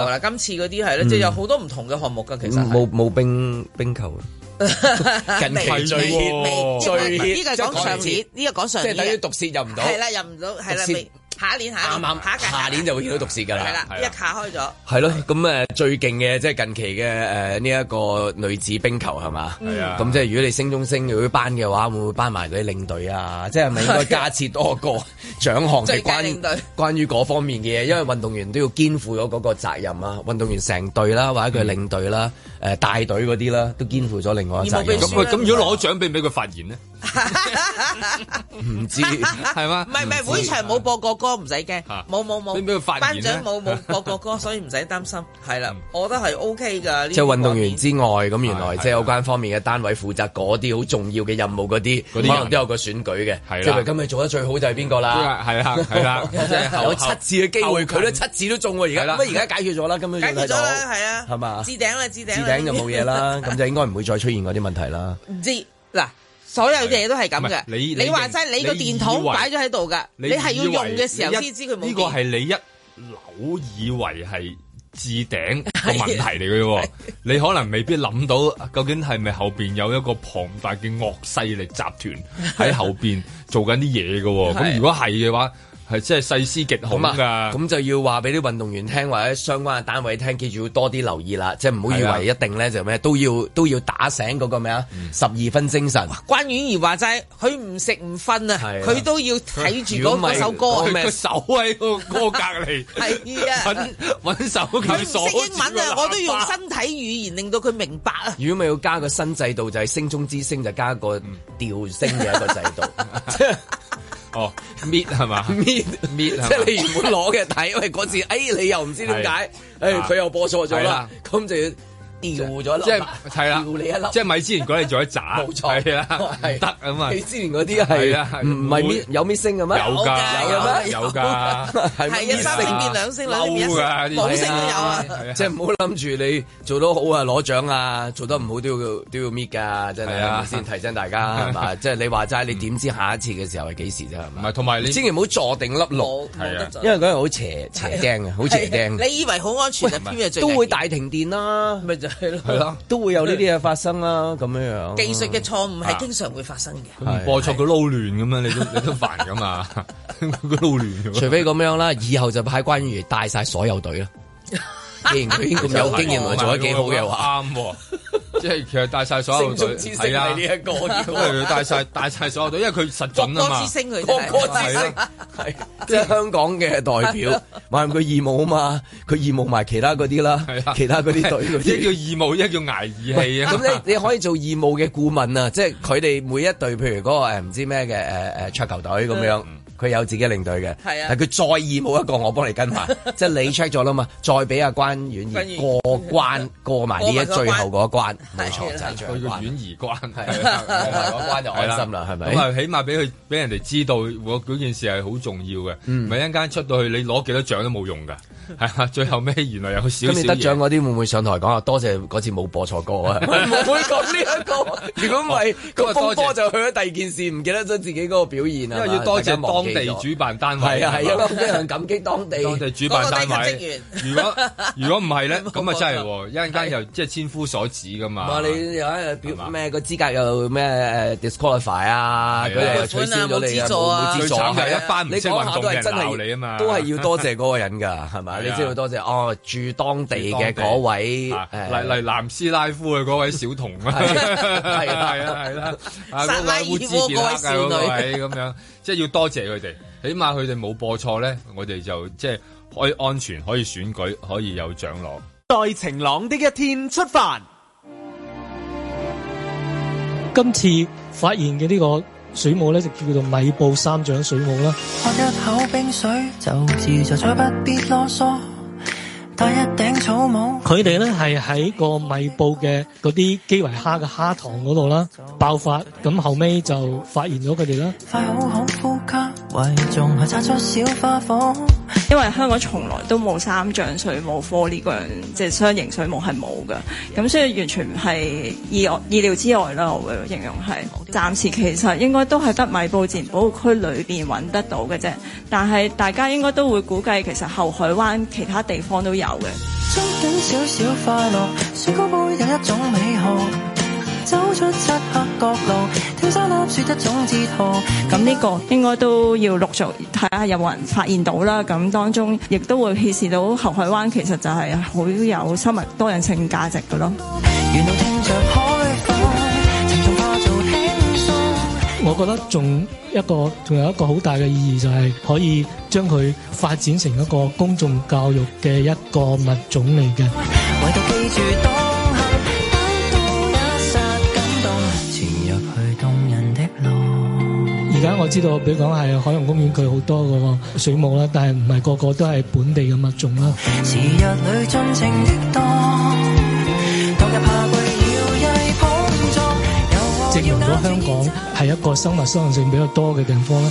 啦。今次嗰啲係咧，即係有好多唔同嘅項目噶。其實冇冇冰冰球，近期最熱，最熱呢個講上次，呢個講上次，即係等於讀蝕入唔到，係啦，入唔到係啦。下一年下啱下，下，下，下年就會見到毒舌㗎啦，啊、一卡開咗、啊。係咯，咁最勁嘅即係近期嘅誒呢一個女子冰球係嘛？啊，咁、嗯嗯、即係如果你升中升，如果頒嘅話，會唔會頒埋嗰啲領隊啊？即係咪應該加設多個獎 項嘅關關於嗰方面嘅嘢？因為運動員都要肩負咗嗰個責任啊，運動員成隊啦，或者佢領隊啦，嗯呃、大帶隊嗰啲啦，都肩負咗另外一個責任。咁、啊、如果攞獎，俾俾佢發言呢？唔 知係道嘛？唔係唔係，會場冇播國歌，唔使驚。冇冇冇，班長冇冇播國歌，所以唔使擔心。係啦， 我覺得係 O K 噶。即係運動員之外，咁原來即係有關方面嘅單位負責嗰啲好重要嘅任務嗰啲，可能都有個選舉嘅。係啦，即係、就是、今日做得最好就係邊個啦？係啦，係啦， 有七次嘅機會，佢都七次都中喎。而家，而家解決咗啦。咁樣，解決咗啦，係啊，係嘛？置頂啦，置頂。置頂就冇嘢啦，咁就應該唔會再出現嗰啲問題啦。唔知嗱。所有嘅嘢都係咁嘅，你你話齋你個電筒擺咗喺度噶，你係要用嘅時候先知佢冇電。呢個係你一扭、呢個、以為係置頂個問題嚟嘅喎， 你可能未必諗到究竟係咪後面有一個龐大嘅惡勢力集團喺後面做緊啲嘢嘅喎，咁 如果係嘅話。係真係細思極恐噶、啊，咁就要話俾啲運動員聽或者相關嘅單位聽，記住要多啲留意啦，即係唔好以為一定咧就咩都要都要打醒嗰個咩啊十二分精神。關婉儀話齋，佢唔食唔瞓啊，佢都要睇住嗰首歌，佢、那個手喺個歌隔籬。係 啊，搵搵手佢唔識英文啊，我都用身體語言令到佢明白啊。如果咪要加個新制度就係、是、星中之星就加個調聲嘅一個制度。嗯即 哦、oh，搣係嘛，搣搣，即係你原本攞嘅，但係因為嗰次， 哎，你又唔知點解，哎，佢、啊、又播錯咗啦，咁就要。咗即係掉你一粒，即係米之前嗰日做一扎，冇錯，係得咁啊。米之前嗰啲係，唔係搣，有搣聲嘅咩？有噶，有咩？有噶，係啊， 三聲變兩聲兩變冇聲都有啊。啊即係唔好諗住你做得好啊攞獎啊，做得唔好都要都要搣噶，真係、啊、先提醒大家係嘛。即係你話齋，你點知下一次嘅時候係幾時啫？係咪？同埋你千祈唔好坐定粒六！係啊，因為嗰日好斜斜驚嘅，好斜驚你以為好安全啊？偏嘅都會大停電啦，咪就。係咯，係咯，都會有呢啲嘢發生啦，咁樣樣。技術嘅錯誤係經常會發生嘅。播錯佢撈亂咁樣，你都你都煩㗎嘛，佢撈亂。除非咁樣啦， 以後就派關於帶晒所有隊啦。 既然佢已經咁有經驗，咪、啊、做得幾好嘅話啱喎。即、啊、係、啊就是、其實帶晒所有隊，係啊呢一個，佢帶曬 所有隊，因為佢實準啊嘛。多姿聲佢，多姿聲係即係香港嘅代表。萬唔佢義務啊嘛，佢義務埋其他嗰啲啦、啊，其他嗰啲隊。啊、一叫義務，一叫捱義氣啊。咁你你可以做義務嘅顧問啊，即係佢哋每一隊，譬如嗰、那個唔知咩嘅誒誒桌球隊咁樣。嗯佢有自己領隊嘅，係啊，但佢再意冇一個我幫你跟埋即係你 check 咗啦嘛，再俾阿關婉兒過關 過埋呢一最後嗰、啊哦啊、一關，冇錯佢叫婉兒關，係 啊，過、啊、 關就安、啊、心啦，係咪？起碼俾佢俾人哋知道，嗰件事係好重要嘅，咪一間出到去你攞幾多獎都冇用噶，係啊，最後尾原來有少少。咁你得獎嗰啲會唔會上台講啊？多謝嗰次冇播錯歌啊！唔 會講呢一個，如果唔係個播波就去咗第二件事，唔記得咗自己嗰個表現啊。因為要多謝當地主辦單位係啊，係啊，一向感激當地。當地主辦單位。如果如果唔係咧，咁 啊真係，一陣間又即係千夫所指噶嘛。哇！你又喺咩個表資格又咩 disqualify 啊？佢又取消咗你，啊。資助、啊。最慘一班唔識運作嘅人鬧你啊嘛！都係要多謝嗰個人噶，係咪、啊？你知道多謝，謝哦，住當地嘅嗰位嚟嚟南斯拉夫嘅嗰位小童 是啊，係啦係啦， 是啊烏茲咁樣。 即係要多謝佢哋。起碼佢哋冇播錯咧，我哋就即係可以安全，可以選舉，可以有獎攞。在晴朗的一天出發 ，今次發現嘅呢個水母咧，就叫做米布三掌水母啦。喝一口冰水就自在，再不必囉嗦。 佢哋呢係喺個米埔嘅嗰啲基圍蝦嘅蝦塘嗰度啦，爆發，咁後尾就發現咗佢哋啦。 因為香港從來都冇三樣水母科呢，這個人即係雙型水母係冇嘅，咁所以完全唔係意外意料之外啦。我會形容係，暫時其實應該都係得米埔自然保護區裏邊揾得到嘅啫。但係大家應該都會估計，其實後海灣其他地方都有嘅。少少快樂果果有一種美好。走出漆黑角落，聽沙粒説一種哲學。咁呢個應該都要陸續睇下有冇人發現到啦。咁當中亦都會顯示到後海灣其實就係好有生物多樣性價值㗎囉。我覺得仲一個仲有一個好大嘅意義，就係可以將佢發展成一個公眾教育嘅一個物種嚟嘅。而家我知道，比如講係海洋公園，佢好多個水母啦，但係唔係個個都係本地嘅物種啦。證明咗香港係一個生物生性比較多嘅地方啦。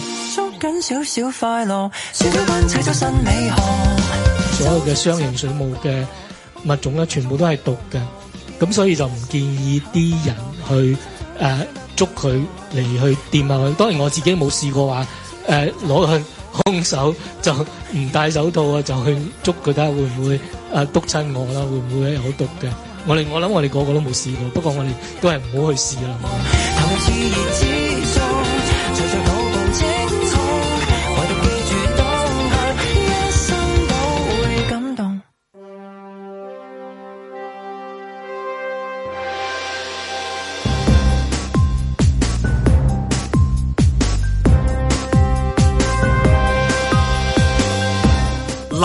所有嘅雙型水母嘅物種咧，全部都係毒嘅，咁所以就唔建議啲人去。誒捉佢嚟去掂下佢。當然我自己冇試過話誒攞去空手就唔戴手套啊，就去捉佢睇下會唔會啊篤親我啦、啊，會唔會有毒嘅？我哋我諗我哋個個都冇試過，不過我哋都係唔好去試啦。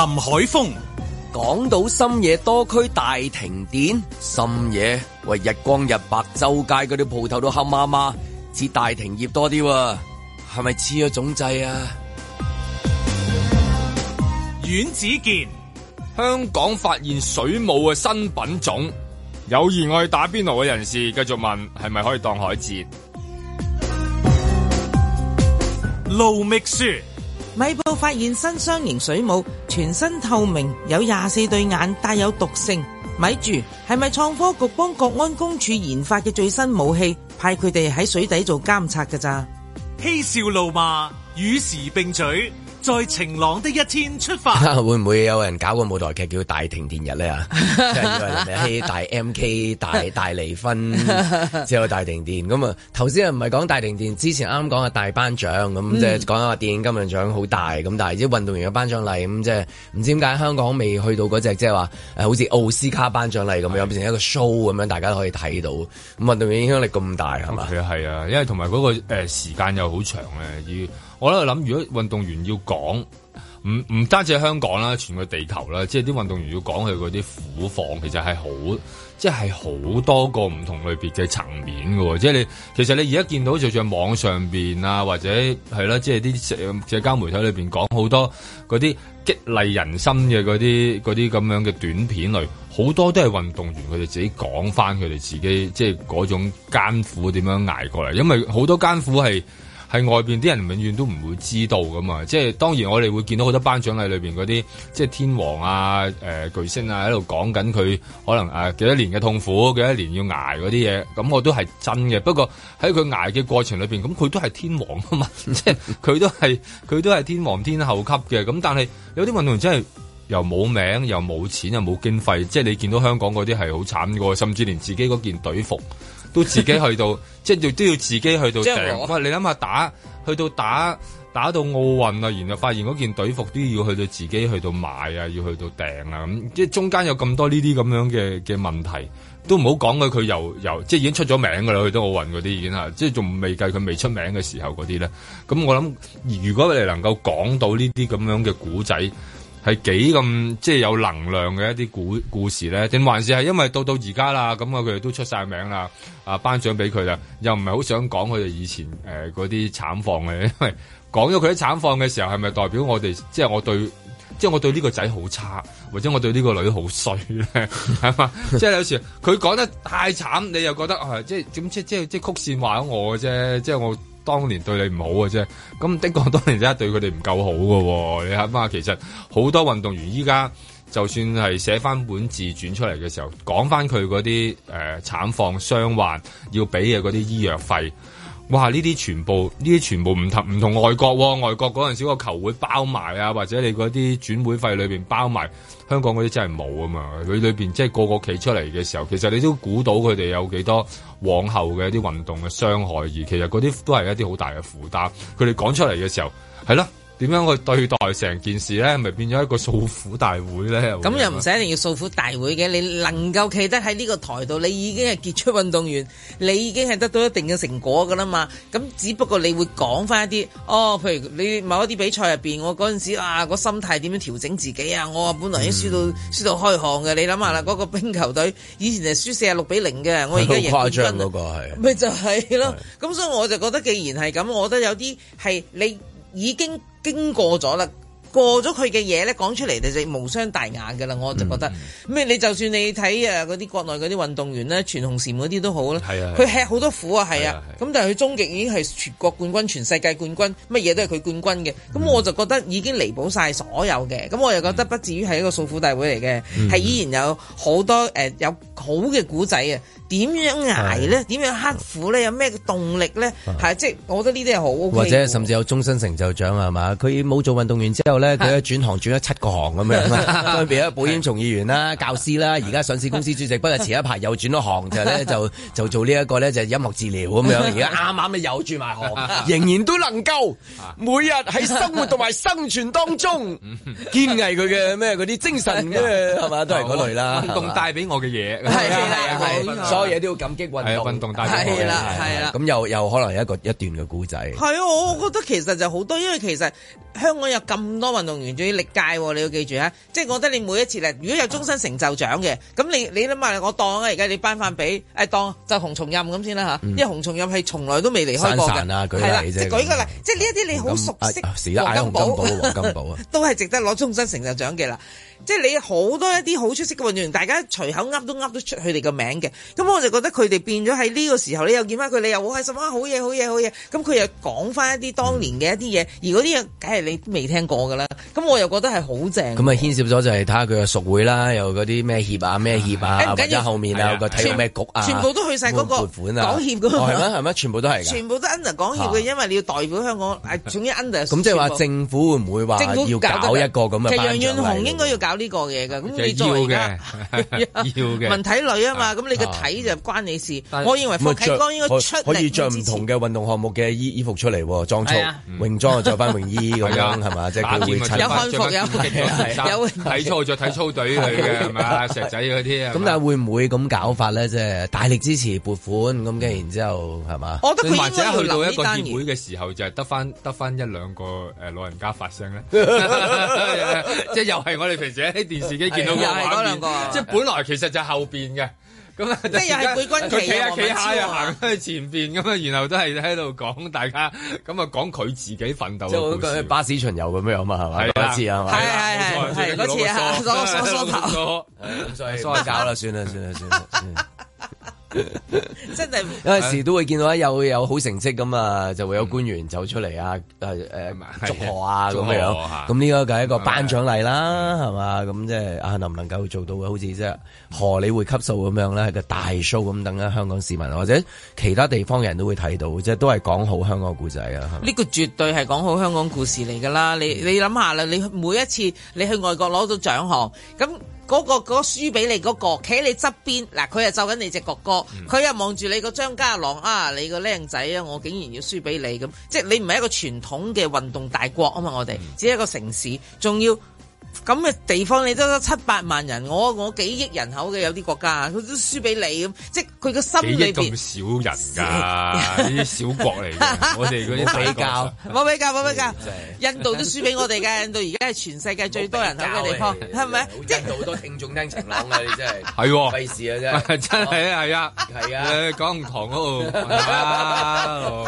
林海峰，港島深夜多區大停電，深夜喂，日光日白周街嗰啲鋪頭都黑麻麻，似大停業多啲，係咪黐咗總掣啊？阮子健，香港發現水母嘅新品種，有熱愛打邊爐嘅人士繼續問，係咪可以當海蜇？盧覓雪。米埔發現新箱型水母，全身透明，有廿四對眼，帶有毒性。咪住，係咪創科局幫國安公署研發嘅最新武器，派佢哋喺水底做監察嘅咋？嬉笑怒罵，與時並舉。在晴朗的一天出發，會唔會有人搞個舞台劇叫大停電日咧啊！即係以為林日曦大 M K 大大離婚之後大停電咁啊！頭先又唔係講大停電，之前啱講嘅「大頒獎咁，即係講下電影金像獎好大咁，但係啲運動員嘅頒獎禮咁，即係唔知點解香港未去到嗰隻即係話好似奧斯卡頒獎禮咁樣變成一個 show 咁樣，大家都可以睇到咁運動員影響力咁大係嘛？係、okay，啊，因為同埋嗰個誒、呃、時間又好長咧，我喺度諗，如果運動員要講，唔唔單止係香港啦，全個地球啦，即係啲運動員要講佢嗰啲苦況，其實係好，即係好多個唔同類別嘅層面㗎喎。即係你其實你而家見到，就算網上面啊，或者係啦，即係啲社社交媒體裏面講好多嗰啲激勵人心嘅嗰啲嗰啲咁樣嘅短片類，好多都係運動員佢哋自己講翻講返佢哋自己，即係嗰種艱苦點樣捱過嚟，因為好多艱苦係。喺外面啲人永遠都唔會知道噶嘛，即係當然我哋會見到好多頒獎禮裏邊嗰啲即係天王啊、呃、巨星啊喺度講緊佢可能誒、呃、幾多年嘅痛苦、幾多年要挨嗰啲嘢，咁、嗯、我都係真嘅。不過喺佢挨嘅過程裏面，咁、嗯、佢都係天王噶嘛， 即係佢都係佢都係天王天后級嘅。咁但係有啲運動員真、就、係、是、又冇名又冇錢又冇經費，即係你見到香港嗰啲係好慘噶，甚至連自己嗰件隊服，都自己去到， 即係要都要自己去到訂。即係我你諗下打去到打打到奧運啊，然後發現嗰件隊服都要去到自己去到買啊，要去到訂啊，咁即係中間有咁多呢啲咁樣嘅嘅問題，都唔好講佢。佢又又即係已經出咗名噶啦，去到奧運嗰啲已經係，即係仲未計佢未出名嘅時候嗰啲咧。咁我諗，如果你能夠講到呢啲咁樣嘅古仔。係幾咁即係有能量嘅一啲故故事咧？定還是係因為到到而家啦，咁啊佢哋都出曬名啦，啊頒獎俾佢啦，又唔係好想講佢哋以前誒嗰啲慘況嘅，因為講咗佢啲慘況嘅時候，係咪代表我哋即係我對，即係我對呢個仔好差，或者我對呢個女好衰咧？係 嘛， 即係有時佢講得太慘，你又覺得、啊、即係咁即即係即係曲線話咗我嘅啫，即係我。當年對你唔好嘅啫，咁的確當年真係對佢哋唔夠好嘅。你諗下，其實好多運動員依家就算係寫翻本自傳出嚟嘅時候，講翻佢嗰啲誒慘況、傷、呃、患，要俾嘅嗰啲醫藥費。哇！呢啲全部，呢啲全部唔同唔同外國喎，外國嗰陣時個球會包埋啊，或者你嗰啲轉會費裏邊包埋，香港嗰啲真係冇啊嘛，佢裏邊即係個個企出嚟嘅時候，其實你都估到佢哋有幾多往後嘅一啲運動嘅傷害，而其實嗰啲都係一啲好大嘅負擔，佢哋講出嚟嘅時候，係啦。點樣去對待成件事咧，咪變咗一個訴苦大會咧？咁又唔使一定要訴苦大會嘅，你能夠企得喺呢個台度，你已經係傑出運動員，你已經係得到一定嘅成果噶啦嘛。咁只不過你會講翻一啲，哦，譬如你某一啲比賽入邊，我嗰陣時啊，個心態點樣調整自己啊？我本來已經輸到輸、嗯、到開巷嘅，你諗下啦，嗰、嗰個冰球隊以前係輸四啊六比零嘅，我而家贏誇張個係，咪就係、是、咯。咁所以我就覺得，既然係咁，我覺得有啲係你。已經經過咗啦，過咗佢嘅嘢呢，講出嚟你就無傷大雅嘅啦，我就覺得咩？你、嗯、就算你睇啊嗰啲國內嗰啲運動員呢，全紅嬋嗰啲都好啦，佢、啊、吃好多苦啊，係啊，咁、啊、但係佢終極已經係全國冠軍、全世界冠軍，乜嘢都係佢冠軍嘅，咁我就覺得已經彌補晒所有嘅，咁我又覺得不至於係一個訴苦大會嚟嘅，係、嗯、依然有好多誒、呃、有好嘅古仔啊！點樣捱咧？點樣刻苦咧？有咩動力咧？係即係，我覺得呢啲係好。或者甚至有終身成就獎係嘛？佢冇做運動員之後咧，佢一轉行轉咗七個行咁樣，分別啊保險從業員啦、啊、教師啦，而家上市公司主席。不過前一排又轉咗行，就咧就就做呢、這、一個咧，就係、音樂治療咁樣。而家啱啱又轉埋行，仍然都能夠每日喺生活同埋生存當中堅毅佢嘅咩嗰啲精神嘅係嘛，都係嗰類啦。運動帶俾我嘅嘢係係係。多嘢都要感激運動，係啦，係啦。咁又又可能一個一段嘅古仔。係啊，我覺得其實就好多，因為其實香港有咁多運動員，仲要歷屆，你要記住啊。即係我覺得你每一次咧，如果有終身成就獎嘅，咁、啊、你你諗下，我當啊，而家你頒翻俾，誒當就熊松任咁先啦嚇。因為熊重任係從來都未離開過人係啦，即、啊、舉，例舉個例，即呢一啲你好熟悉，黃、啊啊、金寶，黃金寶 都係值得攞終身成就獎嘅啦。即係你好多一啲好出色嘅運動員，大家隨口噏都噏得出佢哋嘅名嘅。咁我就覺得佢哋變咗喺呢個時候，你又見翻佢，你又喎係什麼好嘢，好嘢，好嘢。咁佢又講翻一啲當年嘅一啲嘢，而嗰啲嘢梗係你未聽過㗎啦。咁我又覺得係好正。咁、嗯、啊牽涉咗就係睇下佢嘅熟會啦，又嗰啲咩協啊咩協啊，跟住、啊、後面、啊啊啊、有個睇咩局啊，全部都去晒嗰、那個。港、啊、協㗎係咪全部都係？全部都 under 港協嘅、啊，因為你要代表香港，誒總之 under。咁即係話政府會唔會話要搞一個咁嘅？其實楊潤雄應該要搞。搞呢個嘢嘅，咁你要嘅，要嘅，文體類啊嘛，咁、啊、你嘅體就關你事。但我認為霍啟剛應該出嚟可以着唔同嘅運動項目嘅衣衣服出嚟，裝束泳裝啊，着翻泳衣咁樣係嘛，即係表演。有漢服，有旗，有體操着體操隊嘅係嘛，石仔嗰啲啊。咁但係會唔會咁搞法咧？即係大力支持撥款咁嘅，然之後係嘛？我覺得佢應該去到一個宴會嘅時候，就係得翻得翻一兩個誒老人家發聲咧。即係又係我哋平時。喺啲電視機見到嗰個畫面，係係即係本來其實就係後邊嘅，咁、so、 啊，即係係貝君奇啊，企下企下又行去前邊咁啊，然後都係喺度講大家咁啊，講佢自己奮鬥嘅故事就就，巴士巡遊咁樣啊嘛，係咪？嗰次係咪？係係係嗰次，我我我睇所以收手啦，算啦算啦算啦。算 真係有陣時都會見到有有好成績咁啊，就會有官員走出嚟、嗯、啊，誒誒祝賀啊咁、啊啊、樣。咁呢個就係一個頒獎禮啦，係、嗯、嘛？咁即係啊能唔能夠做到好似即係荷里活級數咁樣咧？係個大 show 咁等啊。香港市民或者其他地方人都會睇到，即係都係講好香港故仔啊！呢個絕對係講好香港故事嚟噶、這個、啦！你你諗下啦，你每一次你去外國攞到獎項咁。嗰、那個嗰、那個、輸俾你嗰、那個企喺你側邊，嗱佢又就緊你隻哥哥，佢、嗯、又望住你個張家朗啊！你個靚仔啊！我竟然要輸俾你咁，即你唔係一個傳統嘅運動大國啊嘛！我哋、嗯、只係一個城市，仲要。咁嘅地方你都得七八萬人，我我幾億人口嘅有啲國家，佢都輸俾你咁，即係佢個心理幾億咁少人㗎，呢啲小國嚟我哋嗰啲比較冇比較冇比較，印度都輸俾我哋嘅。印度而家係全世界最多人口嘅地方，係咪？即係好多聽眾聽情郎啊！你真係係費事啊！真係真係啊！係啊！係啊！講唔同啊！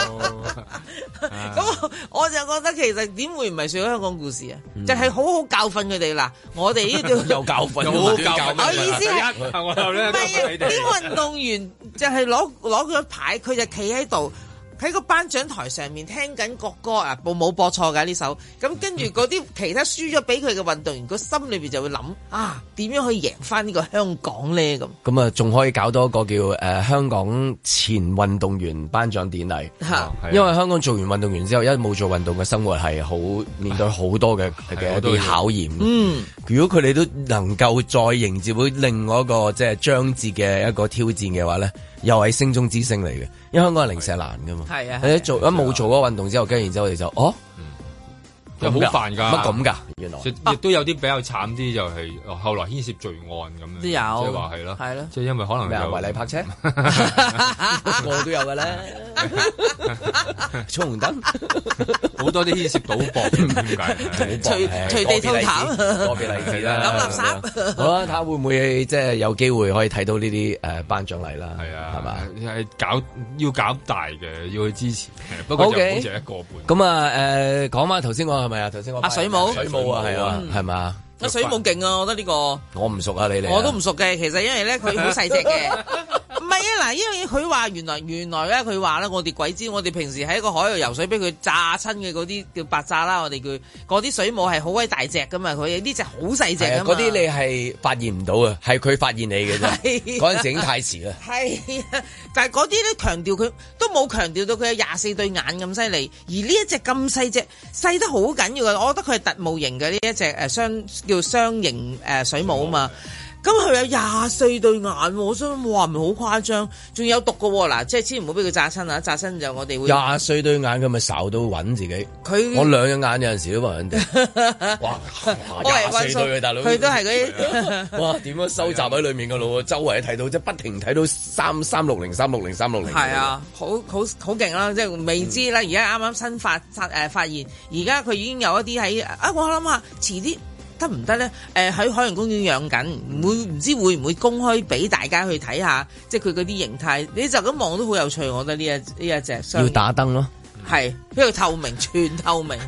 咁我就覺得其實點會唔係講香港故事啊？就係好好教訓。佢哋嗱，我哋呢度有教訓好、就是、訓，我意思係，啊？唔係啲運動員就係攞攞佢個牌，佢就企喺度。喺個頒獎台上面聽緊國歌啊，冇冇播錯㗎呢首，咁跟住嗰啲其他輸咗俾佢嘅運動員，個、嗯、心裏邊就會諗啊，點樣可以贏翻呢個香港咧？咁咁啊，仲可以搞多一個叫誒香港前運動員頒獎典禮吓、啊，因為香港做完運動員之後，一冇做運動嘅生活係好面對好多嘅嘅一啲考驗。嗯，如果佢哋都能夠再迎接另外一個即係章節嘅一個挑戰嘅話咧，又係星中之星嚟嘅，因為香港係零舍難噶嘛。係啊，做一冇做過運動之後，跟住然之後我哋就哦。啊嗯真係好煩㗎！乜咁㗎？原來亦都有啲比較慘啲，就係後來牽涉罪案咁樣。都有即係話係咯，係咯，即係因為可能又違例泊車，個 個都有㗎咧。衝 紅燈，好 多啲牽涉賭博，點解賭隨地吐痰，個別例子 來 來 啦。抌垃圾，好啦、啊，睇下會唔會即係有機會可以睇到呢啲誒頒獎禮啦？係啊，係、啊、嘛？搞要搞大嘅，要去支持。不過就好似一個半。咁啊誒，講翻頭先我。係啊，頭先我阿水母、啊，水母啊，係啊，係嘛、啊？水母冇勁啊！我覺得呢、這個我唔熟啊，你哋我都唔熟嘅。其實因為咧，佢好細隻嘅，唔 係啊嗱，因為佢話原來原來咧，佢話咧，我哋鬼知，我哋平時喺一個海度游水，俾佢炸親嘅嗰啲叫白炸啦，我哋叫嗰啲水母係好鬼大隻㗎嘛，佢呢隻好細隻。嗰啲、啊、你係發現唔到啊，係佢發現你嘅啫。嗰陣、啊、時已經太遲啦。係、啊啊，但係嗰啲咧強調佢都冇強調到佢有廿四對眼咁犀利，而呢一隻咁細隻，細得好緊要啊！我覺得佢係特務型嘅呢一隻誒雙。叫雙形誒水母啊嘛，咁、哦、佢有廿四對眼，我想話唔係好誇張，仲有毒嘅嗱，即係千唔好俾佢炸親啊！炸親就我哋會廿四對眼，佢咪搜到揾自己。佢我兩隻眼有陣時都話人哋。 哇！廿四對大佬。佢都係嗰啲。 哇！點樣收集喺裡面嘅咯？周圍睇到，即係不停睇到三三六零、三六零、三六零。係啊，好好好勁啦！即係未知啦，而家啱啱新發發誒、呃、發現，而家佢已經有一啲喺啊，我諗啊，遲啲。得唔得咧？誒、呃、喺海洋公園養緊，唔會唔知會唔會公開俾大家去睇下？即係佢嗰啲形態，你就咁望都好有趣。我覺得呢一呢一隻相要打燈咯，係因為透明，全透明，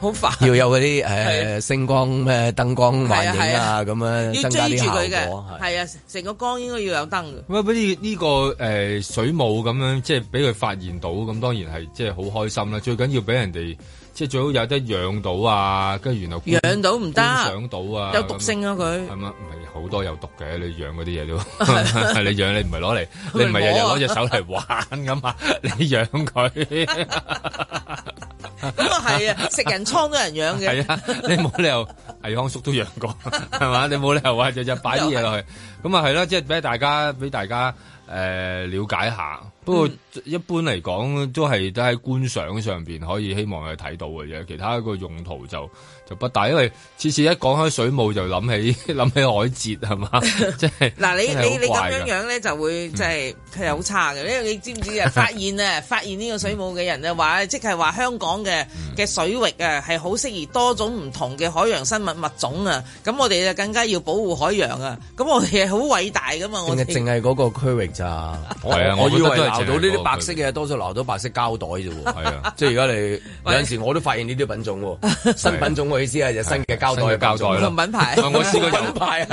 好 煩。要有嗰啲誒星光咩、呃、燈光環境啊咁樣啊啊，要追住佢嘅，係啊，成個缸應該要有燈。咁、這、啊、個，俾呢個誒水母咁樣，即係俾佢發現到咁，當然係即係好開心啦。最緊要俾人哋。即係最好有得養到啊，跟住然後觀賞到啊，有毒性啊佢。係啊，唔係好多有毒嘅，你養嗰啲嘢都係你養，你唔係攞嚟，你唔係日日攞隻手嚟玩㗎嘛， 你養佢咁啊，係啊，食人倉嘅人養嘅。係 啊，你冇理由，毅康叔都養過，係嘛？你冇理由話日日擺啲嘢落去。咁啊，係啦，即係俾大家俾大家誒、呃、了解下。不過一般嚟講，都係都喺觀賞上面可以希望去睇到嘅啫，其他個用途就。就不大，因為次次一講開水母就諗起諗起海蜇係嘛，即係嗱你你你咁樣樣咧就會即係佢係好差嘅。因為你知唔知啊？發現啊，發現呢個水母嘅人就話，即係話香港嘅嘅水域啊，係好適宜多種唔同嘅海洋生物物種啊。咁我哋就更加要保護海洋啊。咁我哋係好偉大噶嘛！我淨係嗰個區域咋？係啊，我以為 我 都攋到呢啲白色嘅，多數攋到白色膠袋啫，係啊， 即係而家你有陣時我都發現呢啲品種 新品種。意思係就新嘅膠袋嘅膠袋啦，品牌我試過品牌是，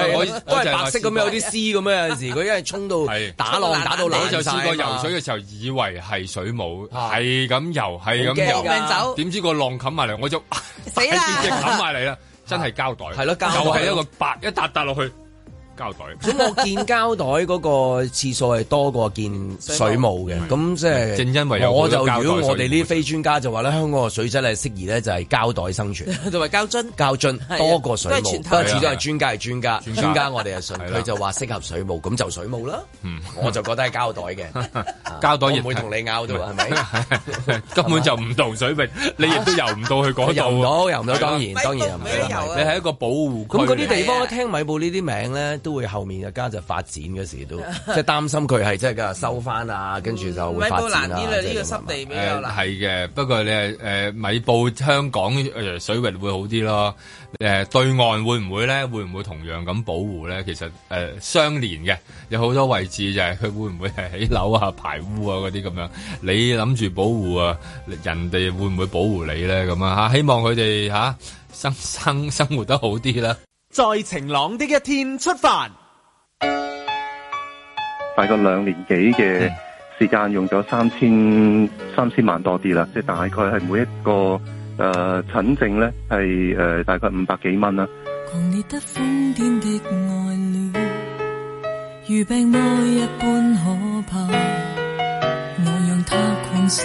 都係白色咁樣有啲絲咁樣。有陣時佢因為衝到打浪打到我就試過游水嘅時候以為係水母，係、啊、咁游，係咁遊，點知個浪冚埋嚟，我就死啦！冚埋嚟啦，真係膠袋，係咯，膠袋又係、就是、一個白一笪笪落去。膠袋，咁 我見膠袋嗰個次數係多過見水母嘅，咁即係正因為有我就如果我哋呢啲非專家就話咧，香港嘅水質咧適宜咧就係、是、膠袋生存，同埋膠樽膠樽多過水母，不過始終係專家係專家，專家我哋係信佢就話適合水母，咁就水母啦、嗯。我就覺得係膠袋嘅，膠 袋亦唔會同你拗到，係咪？根本就唔同水域， 你亦都游唔到去嗰度，游到游唔到，當然當然，當然，當然你係一個保護。咁嗰啲地方聽米埔呢啲名咧？都會後面嘅家就發展嗰時都即係擔心佢係真係㗎收翻啊，跟、嗯、住就會發展啦。誒，係、就、嘅、是這個呃。不過咧，誒、呃，米埔香港誒、呃、水域會好啲咯。誒、呃，對岸會唔會咧？會唔會同樣咁保護咧？其實誒、呃，相連嘅有好多位置就係、是、佢會唔會係起樓啊、排污啊嗰啲咁樣？你諗住保護啊，人哋會唔會保護你咧？咁啊嚇，希望佢哋嚇生生生活得好啲啦。在晴朗的一天出發，大概兩年幾嘅時間，用咗三千三千萬多啲啦，即、就是、大概係每一個、呃、診症咧係、呃、大概五百幾蚊啦。狂烈得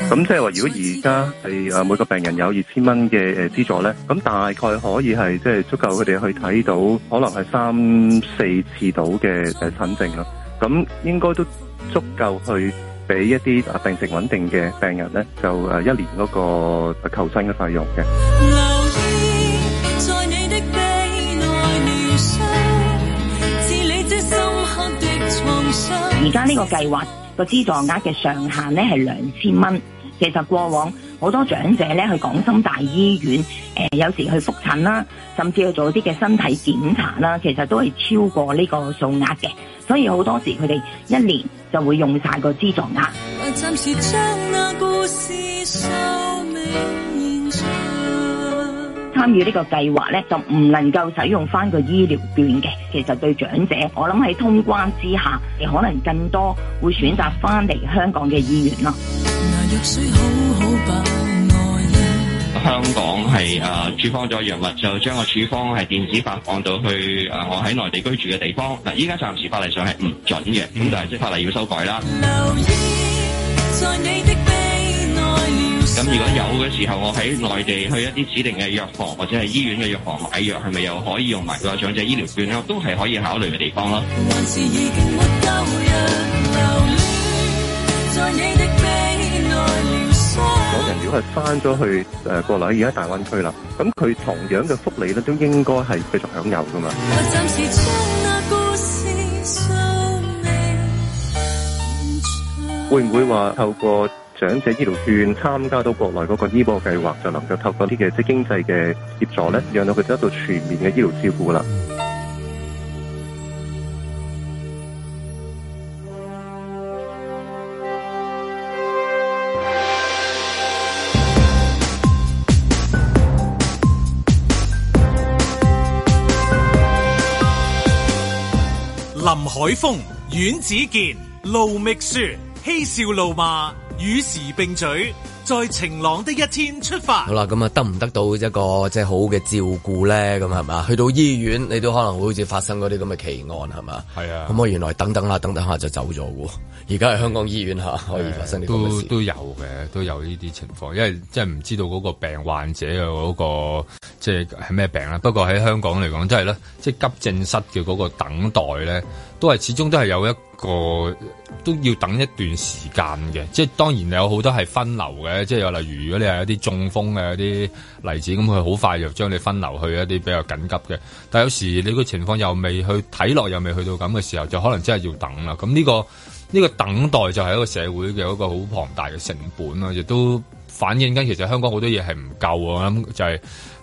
咁即係話，如果而家係誒每個病人有二千蚊嘅誒資助咧，咁大概可以係即係足夠佢哋去睇到可能係三四次到嘅誒診症啦。咁應該都足夠去俾一啲誒病情穩定嘅病人咧，就誒一年嗰個求診嘅費用嘅。而家呢個計劃。個資助額嘅上限咧係兩千蚊。其實過往好多長者咧去港深大醫院，誒、呃、有時去覆診啦，甚至去做啲嘅身體檢查啦，其實都係超過呢個數額嘅。所以好多時佢哋一年就會用晒個資助額。 參與呢個計劃咧，就唔能夠使用翻個醫療券嘅。其實對長者，我諗喺通關之下，你可能更多會選擇翻嚟香港嘅醫院咯。香港係誒、啊、處方咗藥物，就將個處方係電子化，發放到去誒我喺內地居住嘅地方。嗱，依家暫時法例上係唔準嘅，咁但係即法例要修改啦。留意在你的咁如果有嘅時候，我喺內地去一啲指定嘅藥房或者係醫院嘅藥房買藥，係咪又可以用埋個長者醫療券咧？都係可以考慮嘅地方咯。嗰人，人如果係翻咗去誒國內，而、呃、家大灣區啦，咁佢同樣嘅福利咧，都應該係繼續享有噶嘛。會唔會話透過？長者醫療券參加到國內嗰個醫保計劃，就能夠透過啲嘅即經濟嘅協助咧，讓到佢得到全面嘅醫療照顧啦。林海峰、阮子健、盧覓雪、嬉笑怒罵。與時並舉。在晴朗的一天出發。好啦，咁啊得唔得到一個即係好嘅照顧咧？咁係嘛？去到醫院你都可能會好似發生嗰啲咁嘅奇案係嘛？係啊。咁我原來等等啦、啊，等等下、啊、就走咗喎。而家係香港醫院吓、啊、可以發生啲都都有嘅，都有呢啲情況，因為即係唔知道嗰個病患者嘅嗰、嗰個即係係咩病啦、啊。不過喺香港嚟講，即係咧，即係急症室嘅嗰個等待咧，都係始終都係有一個都要等一段時間嘅。即係當然有好多係分流嘅。即係又例如，如果你係一啲中風嘅一啲例子，咁佢好快就將你分流去一啲比較緊急嘅。但係有時你個情況又未去睇落，又未去到咁嘅時候，就可能真係要等啦。咁呢個呢個等待就係一個社會嘅一個好龐大嘅成本啦，亦都反映緊其實香港好多嘢係唔夠啊。咁就係。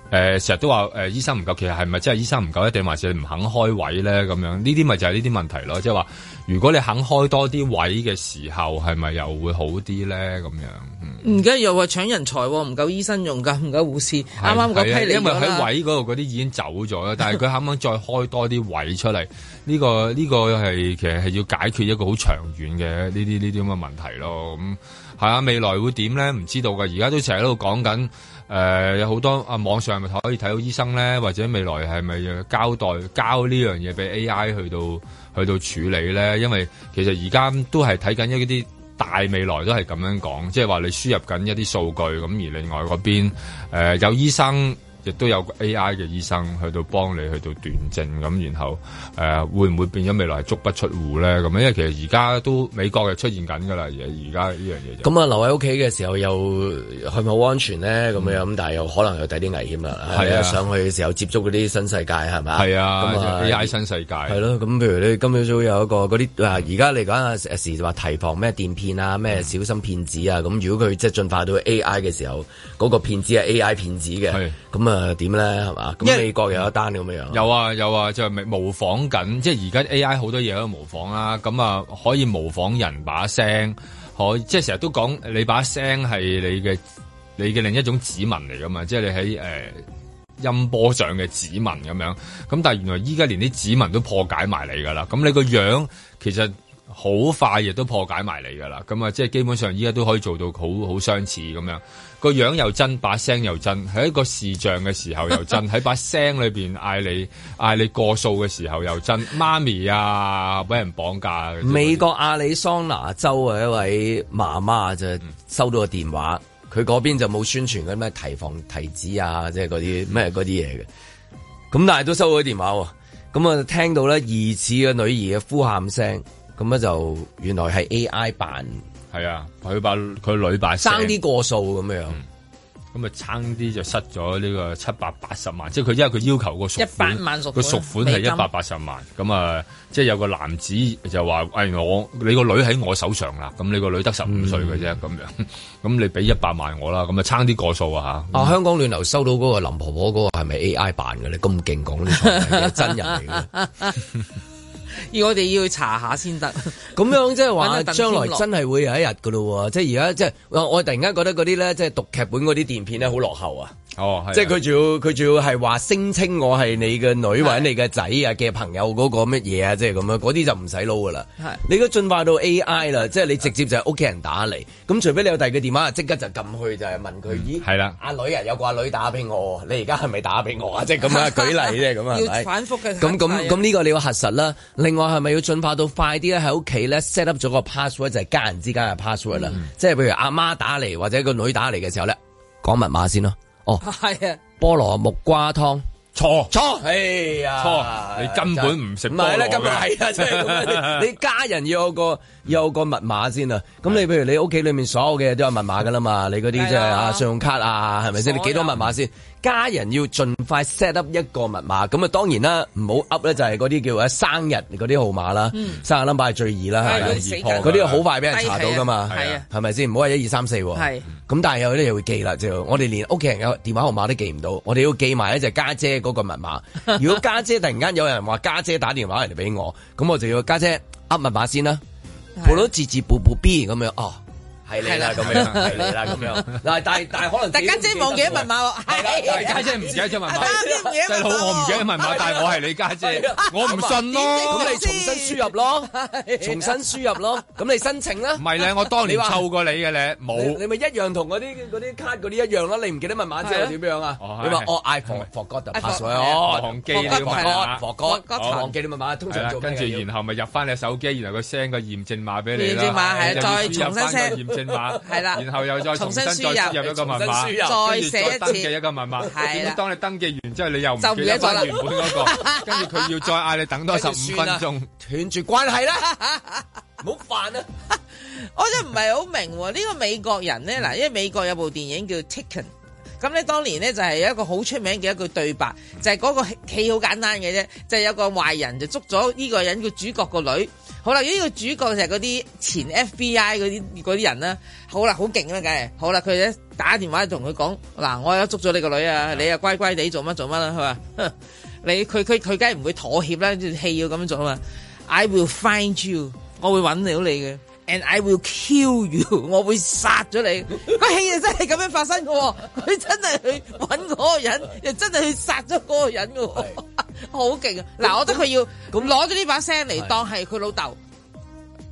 誒、呃，成日都話誒、呃，醫生唔夠，其實係咪真係醫生唔夠，一定還是唔肯開位咧？咁樣呢啲咪就係呢啲問題咯。即係話，如果你肯開多啲位嘅時候，係咪又會好啲咧？咁樣，而家又話搶人才，唔夠醫生用噶，唔夠護士。啱啱嗰批嚟咗啦，因為喺位嗰度嗰啲已經走咗啦，但係佢肯唔肯再開多啲位出嚟？呢、 呢個呢、呢個係其實係要解決一個好長遠嘅呢啲呢啲咁嘅問題咯。咁係啊，未來會點咧？唔知道噶，而家都成日喺度講緊。誒、呃、有好多啊，網上咪可以睇到醫生咧？或者未來係咪交代交呢樣嘢俾 AI 去到去到處理咧？因為其實而家都係睇緊一啲大未來都係咁樣講，即係話你輸入緊一啲數據，咁而另外嗰邊、呃、有醫生。亦都有個 AI 嘅醫生去到幫你去到斷症咁，然後誒、呃、會唔會變咗未來足不出戶咧？咁因為其實而家都美國又出現緊㗎啦，而家呢樣嘢就咁啊！留喺屋企嘅時候又係咪好安全咧？咁樣咁，但係有可能又有第啲危險啦。係啊，上去嘅時候接觸嗰啲新世界係咪？係啊、就係，AI 新世界係咯。咁、啊、譬如你今朝早有一個嗰啲而家嚟講啊就話提防咩電騙啊，咩小心騙子啊。咁、嗯、如果佢即係進化到 AI 嘅時候，嗰、嗰個騙子係 AI 騙子嘅，咁啊～誒，點咧，係嘛？咁美國有一單咁樣，有啊，有啊，就係、是、模仿緊，即係而家 AI 好多嘢都模仿啦。咁啊，可以模仿人把聲，可即係成日都講你把聲係你嘅，你嘅另一種指紋嚟噶嘛？即係你喺誒、呃、音波上嘅指紋咁樣。咁但係原來依家連啲指紋都破解埋你噶啦。咁你個樣其實好快亦都破解埋你噶啦。咁啊，即係基本上依家都可以做到好好相似咁樣。個樣又真，把聲又真，喺一個視像嘅時候又真，喺把聲裏邊嗌你嗌你過數嘅時候又真。媽咪啊，俾人綁架！美國亞利桑那州嘅一位媽媽就收到個電話，佢嗰邊就冇宣傳嗰啲咩提防提子啊，即係嗰啲咩嗰啲嘢嘅。咁但係都收到個電話，咁啊聽到咧疑似嘅女兒嘅呼喊聲，咁咧就原來係 AI 版係啊，佢把佢女把聲差啲過數咁樣，咁、嗯、啊，就差啲就失咗呢個七百八十萬，嗯、即係佢因為佢要求個贖款，個贖款係一百八十萬，咁啊，即係有個男子就話，喂、哎，我你個女喺我手上啦，咁你個女得十五歲嘅啫，咁、嗯、樣，咁你俾一百萬我啦，咁啊，差啲過數啊吓。啊，香港暖流收到嗰個林婆婆嗰、那個係咪 A I 版嘅，你咁勁講呢個真人嚟嘅。 要我哋要去查下先得，咁樣即係話將來真係會有一日噶咯，即係而家即係我突然間覺得嗰啲咧，即係讀劇本嗰啲電片咧，好落後啊！哦，是即係佢仲要佢仲要係話聲稱我係你嘅女或者你嘅仔啊嘅朋友嗰個乜嘢啊，即係咁樣嗰啲就唔使撈噶啦。你都進化到 A I 啦，即係你直接就係屋企人打嚟，咁除非你有第二個電話，即刻就撳去就係問佢咦係啦，阿、啊、女啊有個阿女打俾我，你而家係咪打俾我啊？即係咁樣舉例啫咁啊， 要反覆嘅。咁咁咁呢個你要核實啦。另外係咪要進化到快啲喺屋企呢 set up 咗個 password 就係、是、家人之間嘅 password 啦。即係譬如阿媽打嚟或者個女打嚟嘅時候咧，講密碼先咯。哦，係啊，菠蘿木瓜湯，錯錯，哎呀，錯，你根本唔食，唔係咧，根本係啊，真、就、係、是， 你家人要有個要有個密碼先啊，咁、啊、你譬如你屋企裏面所有嘅嘢都有密碼噶啦嘛，你嗰啲即係啊，信、啊、用卡啊，係咪先，先？你幾多密碼先？家人要盡快 set up 一個密碼，咁啊當然啦，唔好 up 咧就係嗰啲叫做生日嗰啲號碼啦、嗯，生日 number 係最易啦，係，啲好快俾人查到噶嘛，係咪先？唔好話一二三四，喎，咁，1, 2, 3, 但係有啲又會記啦，就我哋連屋企人嘅電話號碼都記唔到，我哋要記埋咧就家姐嗰個密碼。如果家姐，姐突然間有人話家姐，姐打電話嚟俾我，咁我就要家姐 up 密碼先啦，做到字字補補 b 咁樣哦。係你啦咁樣，係你啦咁樣。嗱，但但可能，家姐忘記密碼，係你家姐唔記得咗密碼。係，細佬我唔記得密碼，但係我係你家姐，我唔信咯。咁你重新輸入咯，重新輸入咯。咁你申請啦。唔係咧，我當年湊過你嘅咧，冇。你咪一樣同嗰啲嗰啲卡嗰啲一樣咯。你唔記得密碼即係點樣啊？你話我嗌忘忘記你密碼，忘記你密碼，忘記你密碼。通常做咩？跟住然後咪入翻你手機，然後佢 send 個驗證碼俾你啦。驗證碼係再重新 send。係啦，然後又再重新輸入一個密碼，再寫一次嘅一個密碼。係啦，當你登記完之後，你又唔記得翻原本嗰個，跟住佢要再嗌你等多十五分鐘，斷住關係啦，唔好煩啊！我真唔係好明呢個美國人咧，嗱，因為美國有部電影叫 Chicken，咁咧當年咧就係有一個好出名嘅一個對白，就係嗰個戲好簡單嘅啫，就係有個壞人就捉咗呢個人，叫主角個女。好啦，呢、這個主角就係嗰啲前 FBI 嗰啲啲人啦。好啦，好勁啦，梗係。好啦，佢咧打電話同佢講，嗱，我而家捉咗你個女啊，你啊乖乖地做乜做乜啦？佢話，你佢佢佢，梗係唔會妥協啦，戲要咁樣做啊嘛。I will find you，我會搵到你嘅，and I will kill you，我會殺咗你。個 戲啊真係咁樣發生喎、哦，佢真係去搵嗰個人， 又真係去殺咗嗰個人喎、哦。好勁啊！嗱，我覺得佢要咁攞咗呢把聲嚟、嗯、當係佢老豆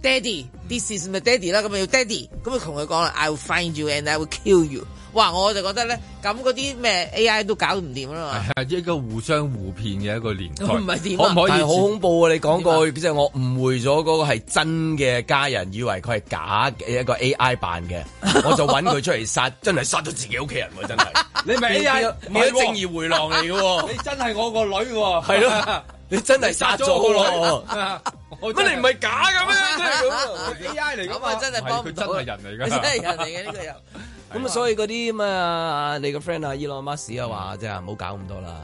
，Daddy，this is 咪 Daddy 啦，咁咪要 Daddy，咁咪同佢講啦，I will find you and I will kill you。哇，我就覺得咧，咁嗰啲咩 A I 都搞唔掂啊嘛，一個互相互騙嘅一個年代，唔係點，我唔可以。好恐怖啊！你講過，即係、啊就是、我誤會咗嗰個係真嘅家人，以為佢係假嘅一個 A I 扮嘅， 我就揾佢出嚟殺，真係殺咗自己屋企人、啊，真係。 你 AI，你係正義迴廊嚟嘅，你真係我個女喎，係咯，你真係、啊啊、 殺咗我、啊，乜你唔係、啊、 假嘅咩？ 真係咁，AI 嚟嘅嘛，真係幫唔到，佢真係人嚟嘅，真係人嚟嘅呢個又。 咁、嗯、啊，所以嗰啲咁啊，你個 friend、嗯、啊，伊朗馬斯啊話，即係唔好搞咁多啦。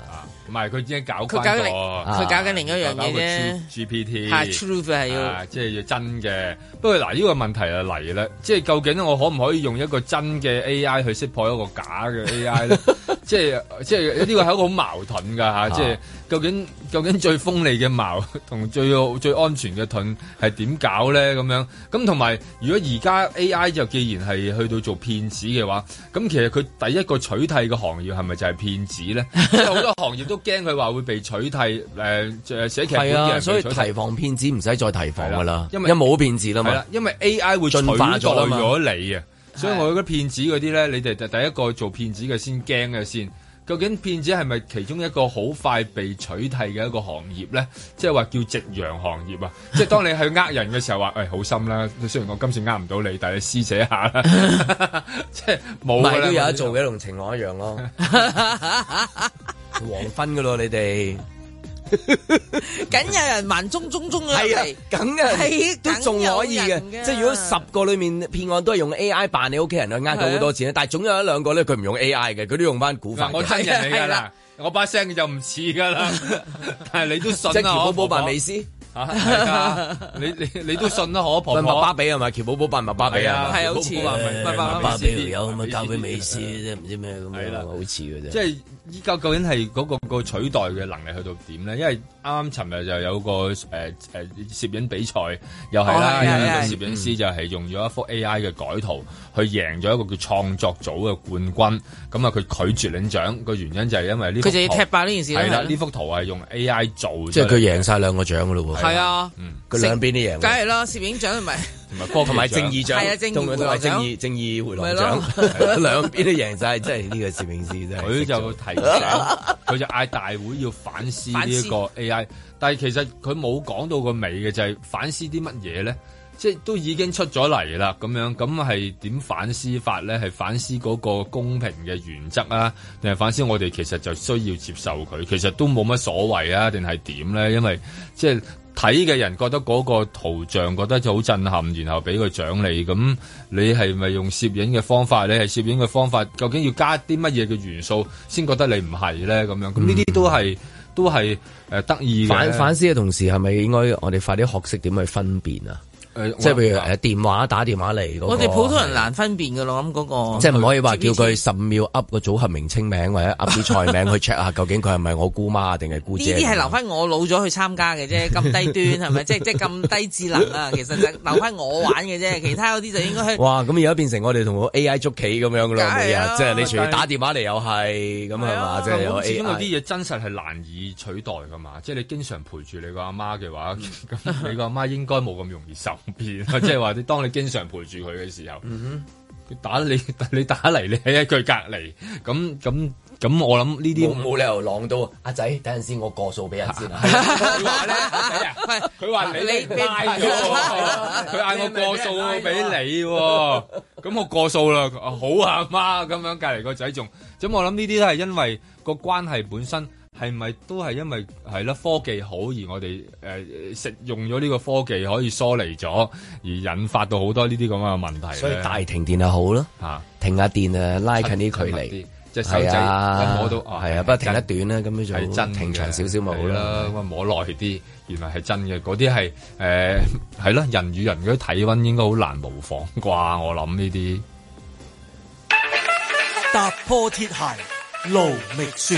唔係佢已經搞佢搞緊另佢搞緊另一樣嘢啫。GPT 係 truth 係、啊、要，即、啊、係、就是、要真嘅。不過嗱，呢、這個問題啊嚟啦，即係究竟我可唔可以用一個真嘅 AI 去識破一個假嘅 AI 咧？ 即係即係呢個係一個好矛盾㗎吓、 啊、即係究竟究竟最鋒利嘅矛同最最安全嘅盾係點搞咧？咁樣咁同埋，如果而家 AI 就既然係去到做騙子。嘅話，咁其實佢第一個取替嘅行業係咪就係騙子咧？即係好多行業都驚佢話會被取替，誒、呃，即寫劇本嘅，所以提防騙子唔使再提防噶啦、啊，因為冇騙子啦，嘛，因為、啊、為 A I 會取代咗你啊，所以我覺得騙子嗰啲咧，你哋就第一個做騙子嘅先驚嘅先。究竟騙子係咪其中一個好快被取締嘅一個行業咧？即係話叫夕陽行業啊！ 即係當你去呃人嘅時候，話、哎、誒好心啦，雖然我今次呃唔到你，但係你施捨一下啦， 即係冇啦。都有得做嘅，同情侶一樣咯、啊， 黃昏嘅咯，你哋。梗 有人盲中中中嘅係啊，咁啊，都仲可以嘅。即係如果十個裏面騙案都係用 A I 扮你屋企人咧，呃到好多錢、啊、但係總有一兩個咧，佢唔用 A I 嘅，佢都用翻古法、啊、我真人嚟噶啦，我把聲就唔似噶啦。 但係你都信即婆婆婆婆啊？喬寶寶扮美斯，你你，你都信得可伯爸爸比係咪？喬寶寶扮爸巴比啊？係好似麥巴比又有，咁、就、啊、是，扮美斯啫，唔知咩咁樣，好似嘅啫。即係。依家究竟係嗰個個取代嘅能力去到點咧？因為啱啱尋日就有個誒誒攝影比賽又係啦，攝、哦，影師就係用咗一幅 AI 嘅改圖、嗯、去贏咗一個叫創作組嘅冠軍。咁啊，佢拒絕領獎個原因就係因為呢，佢就要踢爆呢件事係啦。呢幅圖係用 AI 做的，即係佢贏晒兩個獎噶咯喎。係啊，佢兩邊啲贏，梗係啦，攝影獎唔係。同埋科，同埋正義獎，同埋正義》、《正義回廊獎，兩邊都，就是、 都贏晒， 真係呢、這個攝影師真係。佢就提醒，佢就嗌大會要反思呢個 AI，但係其實佢冇講到個尾嘅就係、是、反思啲乜嘢咧？即係都已經出咗嚟啦，咁樣咁係點反思法咧？係反思嗰個公平嘅原則啊，定係反思我哋其實就需要接受佢，其實都冇乜所謂啊？定係點咧？因為即係睇嘅人覺得嗰個圖像覺得就好震撼，然後俾佢獎勵，咁你係咪用攝影嘅方法咧？你係攝影嘅方法究竟要加啲乜嘢嘅元素先覺得你唔係咧？咁樣咁呢啲都係、嗯、都係得意反反思嘅同時，係咪應該我哋快啲學識點去分辨啊？即係譬如，誒電話，打電話嚟，嗰我哋普通人難分辨噶咯，咁嗰個，即係唔可以話叫佢十五秒噏個組合名稱名 或者噏啲菜名去 check 下究竟佢係咪我姑媽定係姑姐？呢啲係留翻我老咗去參加嘅啫，咁 低端係咪？是是 即係即係咁低智能啊？其實就留翻我玩嘅啫，其他嗰啲就應該哇，咁而家變成我哋同個 A I 捉棋，咁樣噶咯，即係、啊啊就是、你隨打電話嚟又係咁係嘛？即係、啊啊就是、有 A I，因為啲嘢真實係難以取代噶嘛，即、就、係、是、你經常陪住你個阿媽嘅話，咁 你個阿媽應該冇咁容易受。即係話你當你經常陪住佢嘅時候，佢打你打你打嚟你喺佢隔離咁咁咁，我諗呢啲冇理由浪到阿仔，啊啊啊，等陣先我過數俾人先啦。佢話佢話你你嗌佢嗌我過數俾你，咁、啊、 我過數啦，好啊媽，咁樣隔籬個仔仲，咁我諗呢啲都係因為個關係本身。係咪都係因為係啦？科技好而我哋誒食用咗呢個科技可以疏離咗，而引發到好多呢啲咁嘅問題。所以大停電就好咯，吓停下電啊，電就拉近啲距離，即係手仔、啊、摸到，係啊，不過停得短啦，咁樣就停長少少咪好啦，咁啊摸耐啲，原來係真嘅，嗰啲係誒係咯，人與人嗰啲體溫應該好難模仿啩，我諗呢啲。踏破鐵鞋路未雪。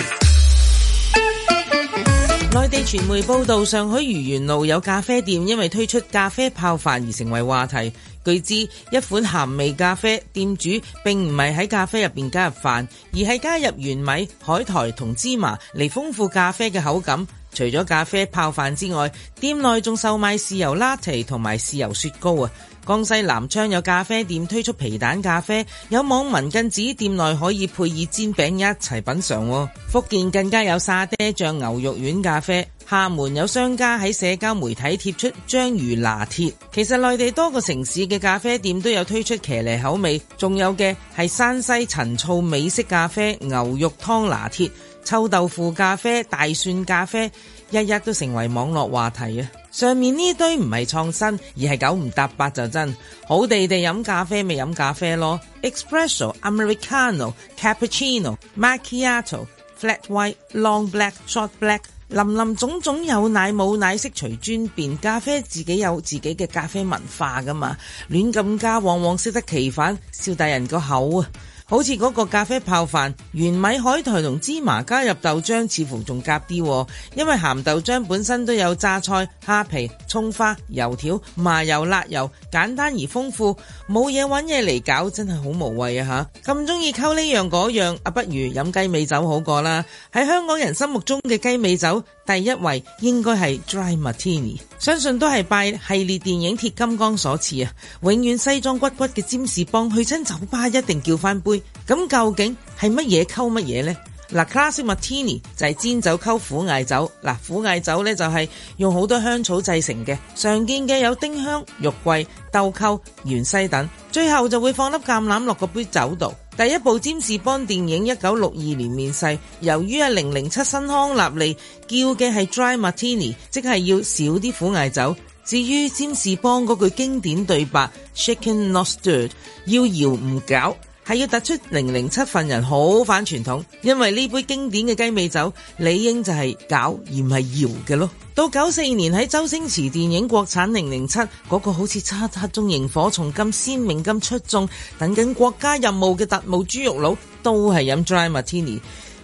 內地傳媒報道，上海愚園路有咖啡店因為推出咖啡泡飯而成為話題。據知，一款鹹味咖啡，店主並唔係喺咖啡入邊加入飯，而係加入玄米、海苔同芝麻嚟豐富咖啡嘅口感。除咗咖啡泡飯之外，店內仲售賣豉油拿鐵同埋豉油雪糕啊！江西南昌有咖啡店推出皮蛋咖啡，有網民更指店內可以配以煎餅一齊品嚐。福建更加有沙爹醬牛肉丸咖啡，廈門有商家喺社交媒體貼出章魚拿鐵。其實內地多個城市嘅咖啡店都有推出騎呢口味，仲有嘅係山西陳醋美式咖啡、牛肉湯拿鐵。臭豆腐咖啡、大蒜咖啡，日日都成為網絡話題啊！上面呢堆唔係創新，而係九唔搭八就真。好地地飲咖啡咪飲咖啡咯。Espresso、Americano、Cappuccino、Macchiato、Flat White、Long Black、Short Black，林林種種有奶冇奶悉隨尊便。咖啡自己有自己嘅咖啡文化㗎嘛，亂咁加往往適得其反，笑大人個口啊！好似嗰個咖啡泡飯，玄米海苔同芝麻加入豆漿，似乎仲夾啲，因為鹹豆漿本身都有榨菜、蝦皮、葱花、油條、麻油、辣油，簡單而豐富，冇嘢揾嘢嚟搞，真係好無謂啊嚇！咁鍾意溝呢樣嗰樣，啊不如飲雞尾酒好過啦！喺香港人心目中嘅雞尾酒。第一位應該係 Dry Martini，相信都係拜系列電影《鐵金剛》所賜啊！永遠西裝骨骨嘅詹士邦去親酒吧一定叫翻杯。咁究竟係乜嘢溝乜嘢呢？嗱，Classic Martini 就係氈酒溝苦艾酒。嗱，苦艾酒呢就係用好多香草製成嘅，常見嘅有丁香、肉桂、豆蔻、芫茜等，最後就會放粒橄欖落個杯酒度。第一部詹士邦電影一九六二年面世，由於一零零七新康納利叫嘅係 dry martini，即係要少啲苦艾酒。至於詹士邦嗰句經典對白 shaken not stirred 要搖唔攪。係要突出零零七份人好反傳統，因為呢杯經典嘅雞尾酒理應就係搞而唔係搖嘅咯。到九四年喺周星馳電影《國產零零七》嗰個，好似漆黑中螢火蟲咁鮮明咁出眾，等緊國家任務嘅特務豬肉佬都係飲 dry martini。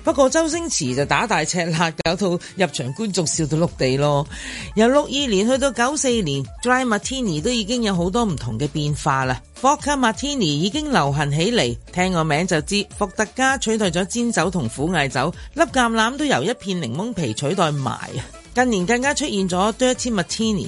不過周星馳就打大赤辣，搞到入場觀眾笑到碌地咯。由六二年去到九四年，Dry Martini 都已經有好多唔同嘅變化啦。Vodka Martini 已經流行起嚟，聽個名就知伏特加取代咗煎酒同苦艾酒，粒橄欖都由一片檸檬皮取代埋。近年更加出現咗 Dirty Martini。